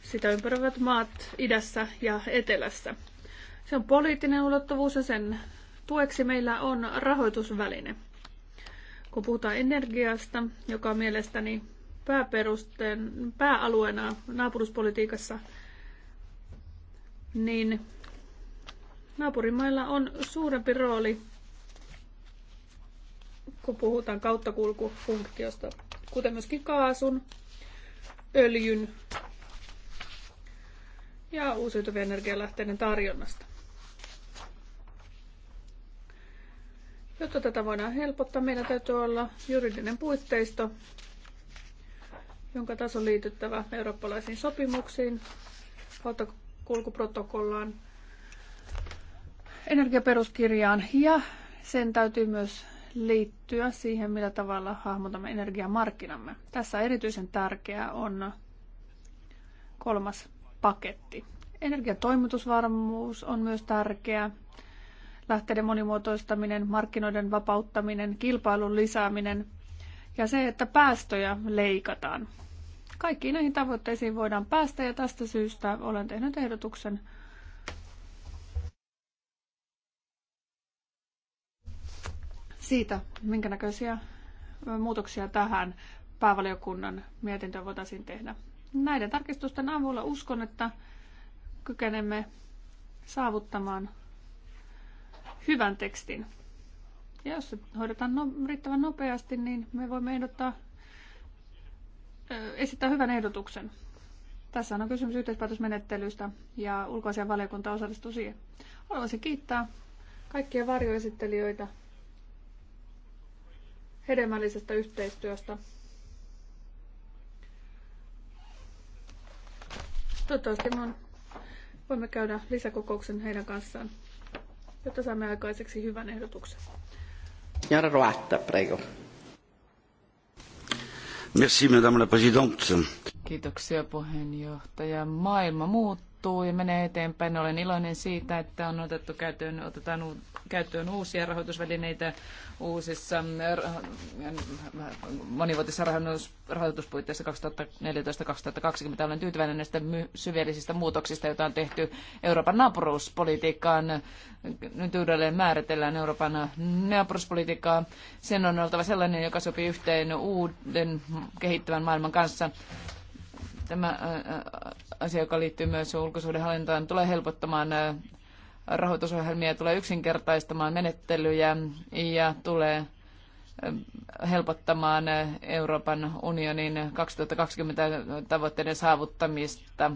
sitä ympäröivät maat idässä ja etelässä. Se on poliittinen ulottuvuus ja sen tueksi meillä on rahoitusväline. Kun puhutaan energiasta, joka on mielestäni pääperusteen, pääalueena naapuruspolitiikassa, niin naapurimailla on suurempi rooli, kun puhutaan kauttakulkufunktiosta, kuten myöskin kaasun, öljyn ja uusiutuvien energialähteiden tarjonnasta. Jotta tätä voidaan helpottaa, meidän täytyy olla juridinen puitteisto, jonka taso on liityttävä eurooppalaisiin sopimuksiin, kauttakulkuprotokollaan, energiaperuskirjaan ja sen täytyy myös liittyä siihen, millä tavalla hahmotamme energiamarkkinamme. Tässä erityisen tärkeää on kolmas paketti. Energiatoimitusvarmuus on myös tärkeää. Lähteiden monimuotoistaminen, markkinoiden vapauttaminen, kilpailun lisääminen – ja se, että päästöjä leikataan. Kaikkiin näihin tavoitteisiin voidaan päästä ja tästä syystä olen tehnyt ehdotuksen siitä, minkä näköisiä muutoksia tähän päävaliokunnan mietintöön voitaisiin tehdä. Näiden tarkistusten avulla uskon, että kykenemme saavuttamaan hyvän tekstin. Ja jos se hoidetaan no, riittävän nopeasti, niin me voimme ehdottaa, esittää hyvän ehdotuksen. Tässä on kysymys yhteispäätösmenettelystä ja ulkoisen valiokunta osallistuu siihen. Haluaisin kiittää kaikkia varjoesittelijöitä hedelmällisestä yhteistyöstä. Toivottavasti voimme käydä lisäkokouksen heidän kanssaan, jotta saamme aikaiseksi hyvän ehdotuksen. Signora Roatta, prego. Merci, madame la présidente. Kiitoksia puheenjohtaja. Maailma muuttuu ja menee eteenpäin. Olen iloinen siitä, että on otettu käyttöön, otetaan käyttöön uusia rahoitusvälineitä uusissa äh, monivuotisissa rahoituspuitteissa 2014-2020. Olen tyytyväinen näistä syvällisistä muutoksista, joita on tehty Euroopan naapuruuspolitiikkaan. Nyt uudelleen määritellään Euroopan naapuruuspolitiikkaa. Sen on oltava sellainen, joka sopii yhteen uuden kehittyvän maailman kanssa tämä äh, äh, asia, joka liittyy myös ulkosuhdehallintaan, tulee helpottamaan rahoitusohjelmia tulee yksinkertaistamaan menettelyjä ja tulee helpottamaan Euroopan unionin 2020 tavoitteiden saavuttamista.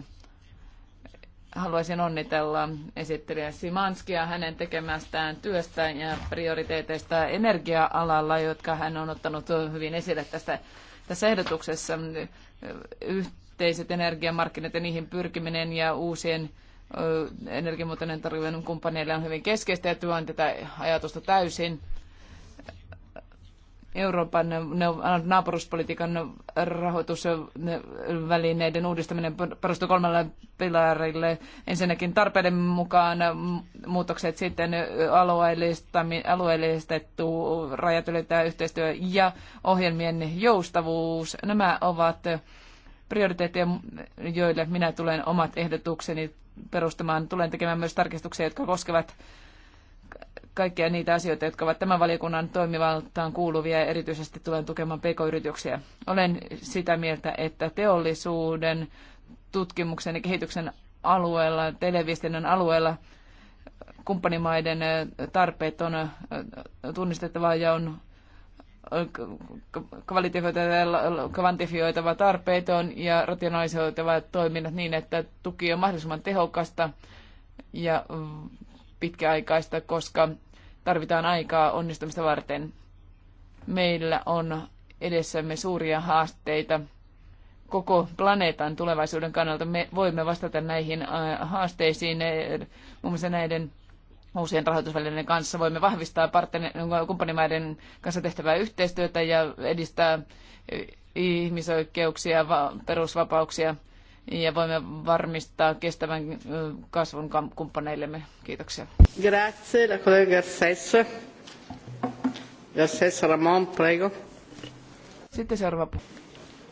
Haluaisin onnitella esittelijä Simanskia hänen tekemästään työstä ja prioriteeteista energia-alalla, jotka hän on ottanut hyvin esille tässä tässä ehdotuksessa. Yhteiset energiamarkkinat ja niihin pyrkiminen ja uusien energiamuotoinen tarjoaminen kumppaneille on hyvin keskeistä ja työn tätä ajatusta täysin. Euroopan naapuruspolitiikan rahoitusvälineiden uudistaminen perustuu kolmelle pilarille. Ensinnäkin tarpeiden mukaan muutokset, sitten alueellistettu rajat ylittävä yhteistyö ja ohjelmien joustavuus. Nämä ovat prioriteetteja, joille minä tulen omat ehdotukseni perustamaan. Tulen tekemään myös tarkistuksia, jotka koskevat kaikkia niitä asioita, jotka ovat tämän valiokunnan toimivaltaan kuuluvia ja erityisesti tulen tukemaan pk-yrityksiä. Olen sitä mieltä, että teollisuuden, tutkimuksen ja kehityksen alueella, televiestinnän alueella kumppanimaiden tarpeet on äh, tunnistettava ja on kvantifioitava tarpeeton ja rationalisoitava toiminnat niin, että tuki on mahdollisimman tehokasta ja pitkäaikaista, koska tarvitaan aikaa onnistumista varten. Meillä on edessämme suuria haasteita koko planeetan tulevaisuuden kannalta. Me voimme vastata näihin haasteisiin eh, muun muassa näiden uusien rahoitusvälineiden kanssa voimme vahvistaa kumppanimaiden kanssa tehtävää yhteistyötä ja edistää ihmisoikeuksia, perusvapauksia ja voimme varmistaa kestävän kasvun kumppaneillemme. Kiitoksia. Grazie, la collega Garces. Garces Ramon, prego. Sitten seuraava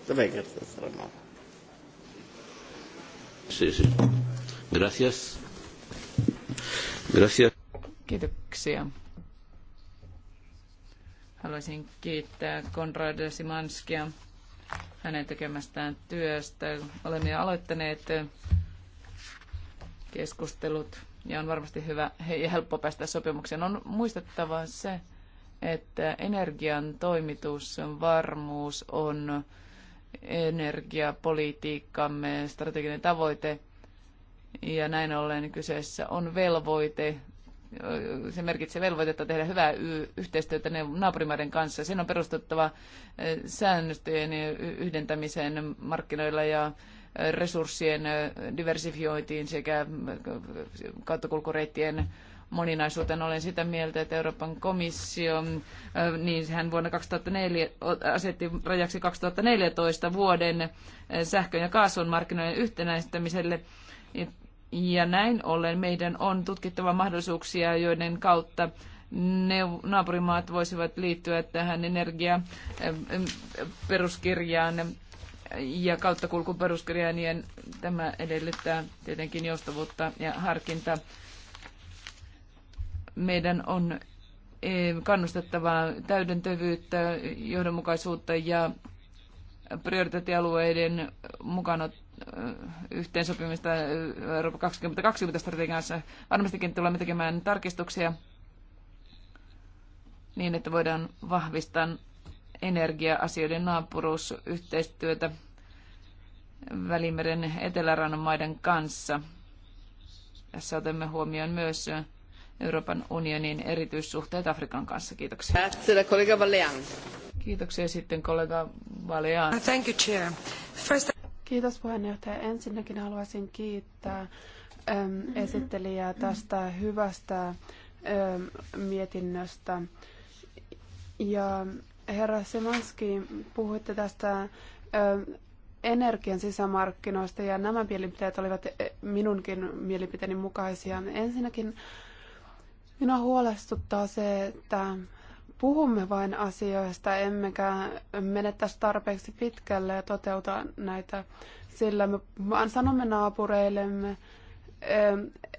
puhuja. Garces Ramon? Sì, sì. Gracias. Kiitoksia. Haluaisin kiittää Konrad Simanskia hänen tekemästään työstä. Olemme jo aloittaneet keskustelut ja on varmasti hyvä ja helppo päästä sopimukseen. On muistettava se, että energian toimitus, varmuus on energiapolitiikkamme strateginen tavoite – ja näin ollen kyseessä on velvoite se merkitsee velvoitetta tehdä hyvää yhteistyötä naapurimaiden kanssa. Sen on perustuttava säännöstöjen yhdentämiseen markkinoilla ja resurssien diversifiointiin sekä kauttakulkureittien moninaisuuteen. Olen sitä mieltä, että Euroopan komissio, niin hän vuonna 2004 asetti rajaksi 2014 vuoden sähkön ja kaasun markkinoiden yhtenäistämiselle ja näin ollen meidän on tutkittava mahdollisuuksia, joiden kautta naapurimaat voisivat liittyä tähän energiaperuskirjaan ja kauttakulkuperuskirjaan, Ja tämä edellyttää tietenkin joustavuutta ja harkintaa. Meidän on e, kannustettavaa täydentävyyttä, johdonmukaisuutta ja prioriteettialueiden mukana yhteensopimista Euroopan 2020 strategiassa. Varmastikin tulemme tekemään tarkistuksia niin, että voidaan vahvistaa energia-asioiden naapuruusyhteistyötä Välimeren etelärannan maiden kanssa. Tässä otamme huomioon myös Euroopan unionin erityissuhteet Afrikan kanssa. Kiitoksia. Kiitoksia sitten kollega Valean. Thank you, Chair. First... Kiitos puheenjohtaja. Ensinnäkin haluaisin kiittää esittelijää tästä hyvästä mietinnöstä. Ja herra Semanski, puhuitte tästä energian sisämarkkinoista ja nämä mielipiteet olivat minunkin mielipiteeni mukaisia. Ensinnäkin minua huolestuttaa se, että puhumme vain asioista, emmekä menettäisi tarpeeksi pitkälle ja toteuta näitä, sillä me vaan sanomme naapureillemme,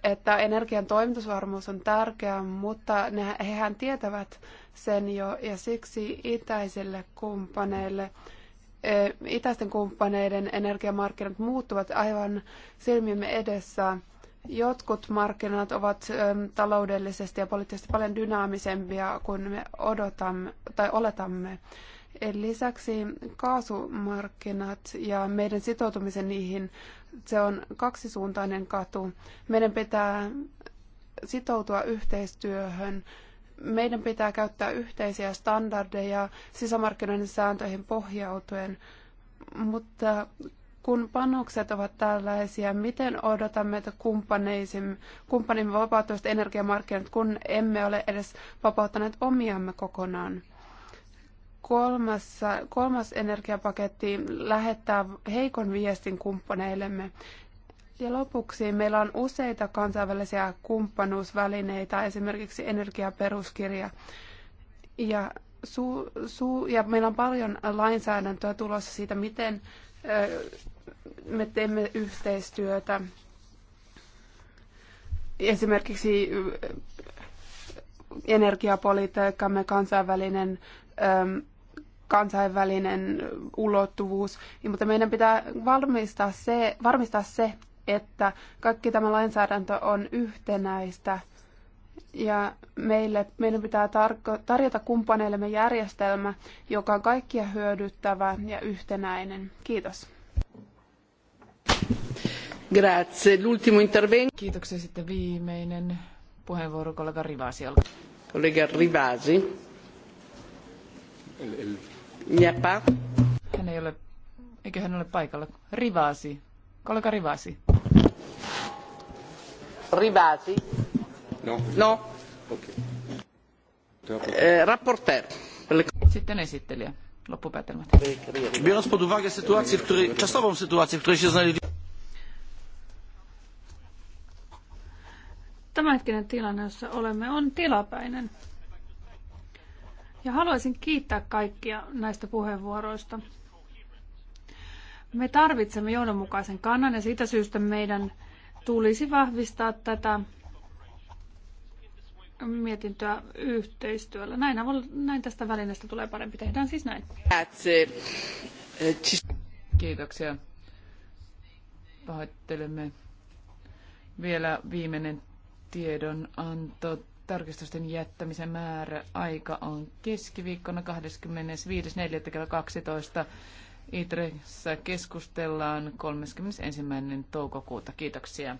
että energian toimitusvarmuus on tärkeää, mutta ne, hehän tietävät sen jo, ja siksi itäisille kumppaneille, itäisten kumppaneiden energiamarkkinat muuttuvat aivan silmimme edessä. Jotkut markkinat ovat ähm, taloudellisesti ja poliittisesti paljon dynaamisempia kuin me odotamme tai oletamme. Lisäksi kaasumarkkinat ja meidän sitoutumisen niihin, se on kaksisuuntainen katu. Meidän pitää sitoutua yhteistyöhön. Meidän pitää käyttää yhteisiä standardeja sisämarkkinoiden sääntöihin pohjautuen, mutta kun panokset ovat tällaisia, miten odotamme, että kumppanimme vapauttavat energiamarkkinat, kun emme ole edes vapauttaneet omiamme kokonaan? Kolmas kolmas energiapaketti lähettää heikon viestin kumppaneillemme. Ja lopuksi meillä on useita kansainvälisiä kumppanuusvälineitä, esimerkiksi energiaperuskirja. Ja, su, su, ja meillä on paljon lainsäädäntöä tulossa siitä, miten me teemme yhteistyötä esimerkiksi äh, energiapolitiikkamme kansainvälinen, ähm, kansainvälinen ulottuvuus, mutta meidän pitää varmistaa se, varmistaa se, että kaikki tämä lainsäädäntö on yhtenäistä ja meille, meidän pitää tarjota kumppaneillemme järjestelmä, joka on kaikkia hyödyttävä ja yhtenäinen. Kiitos. Grazie. L'ultimo intervento. Kiitoksia sitten viimeinen puheenvuoro kollega Rivasi. Kollega Rivasi. Jäpä. Hän ei ole, eikö hän ole paikalla? Rivasi. Kollega Rivasi. Rivasi. No. No. Okay. Eh, sitten esittelijä. Loppupäätelmät. Biorąc pod uwagę sytuację, w której, czasową sytuację, w której się znaleźliśmy. tämänhetkinen tilanne, jossa olemme, on tilapäinen. Ja haluaisin kiittää kaikkia näistä puheenvuoroista. Me tarvitsemme johdonmukaisen kannan ja siitä syystä meidän tulisi vahvistaa tätä mietintöä yhteistyöllä. Näin, näin tästä välineestä tulee parempi. Tehdään siis näin. Kiitoksia. Pahoittelemme. Vielä viimeinen tiedonanto tarkistusten jättämisen määrä aika on keskiviikkona 25.4. kello 12. Itressä keskustellaan 31. toukokuuta. Kiitoksia.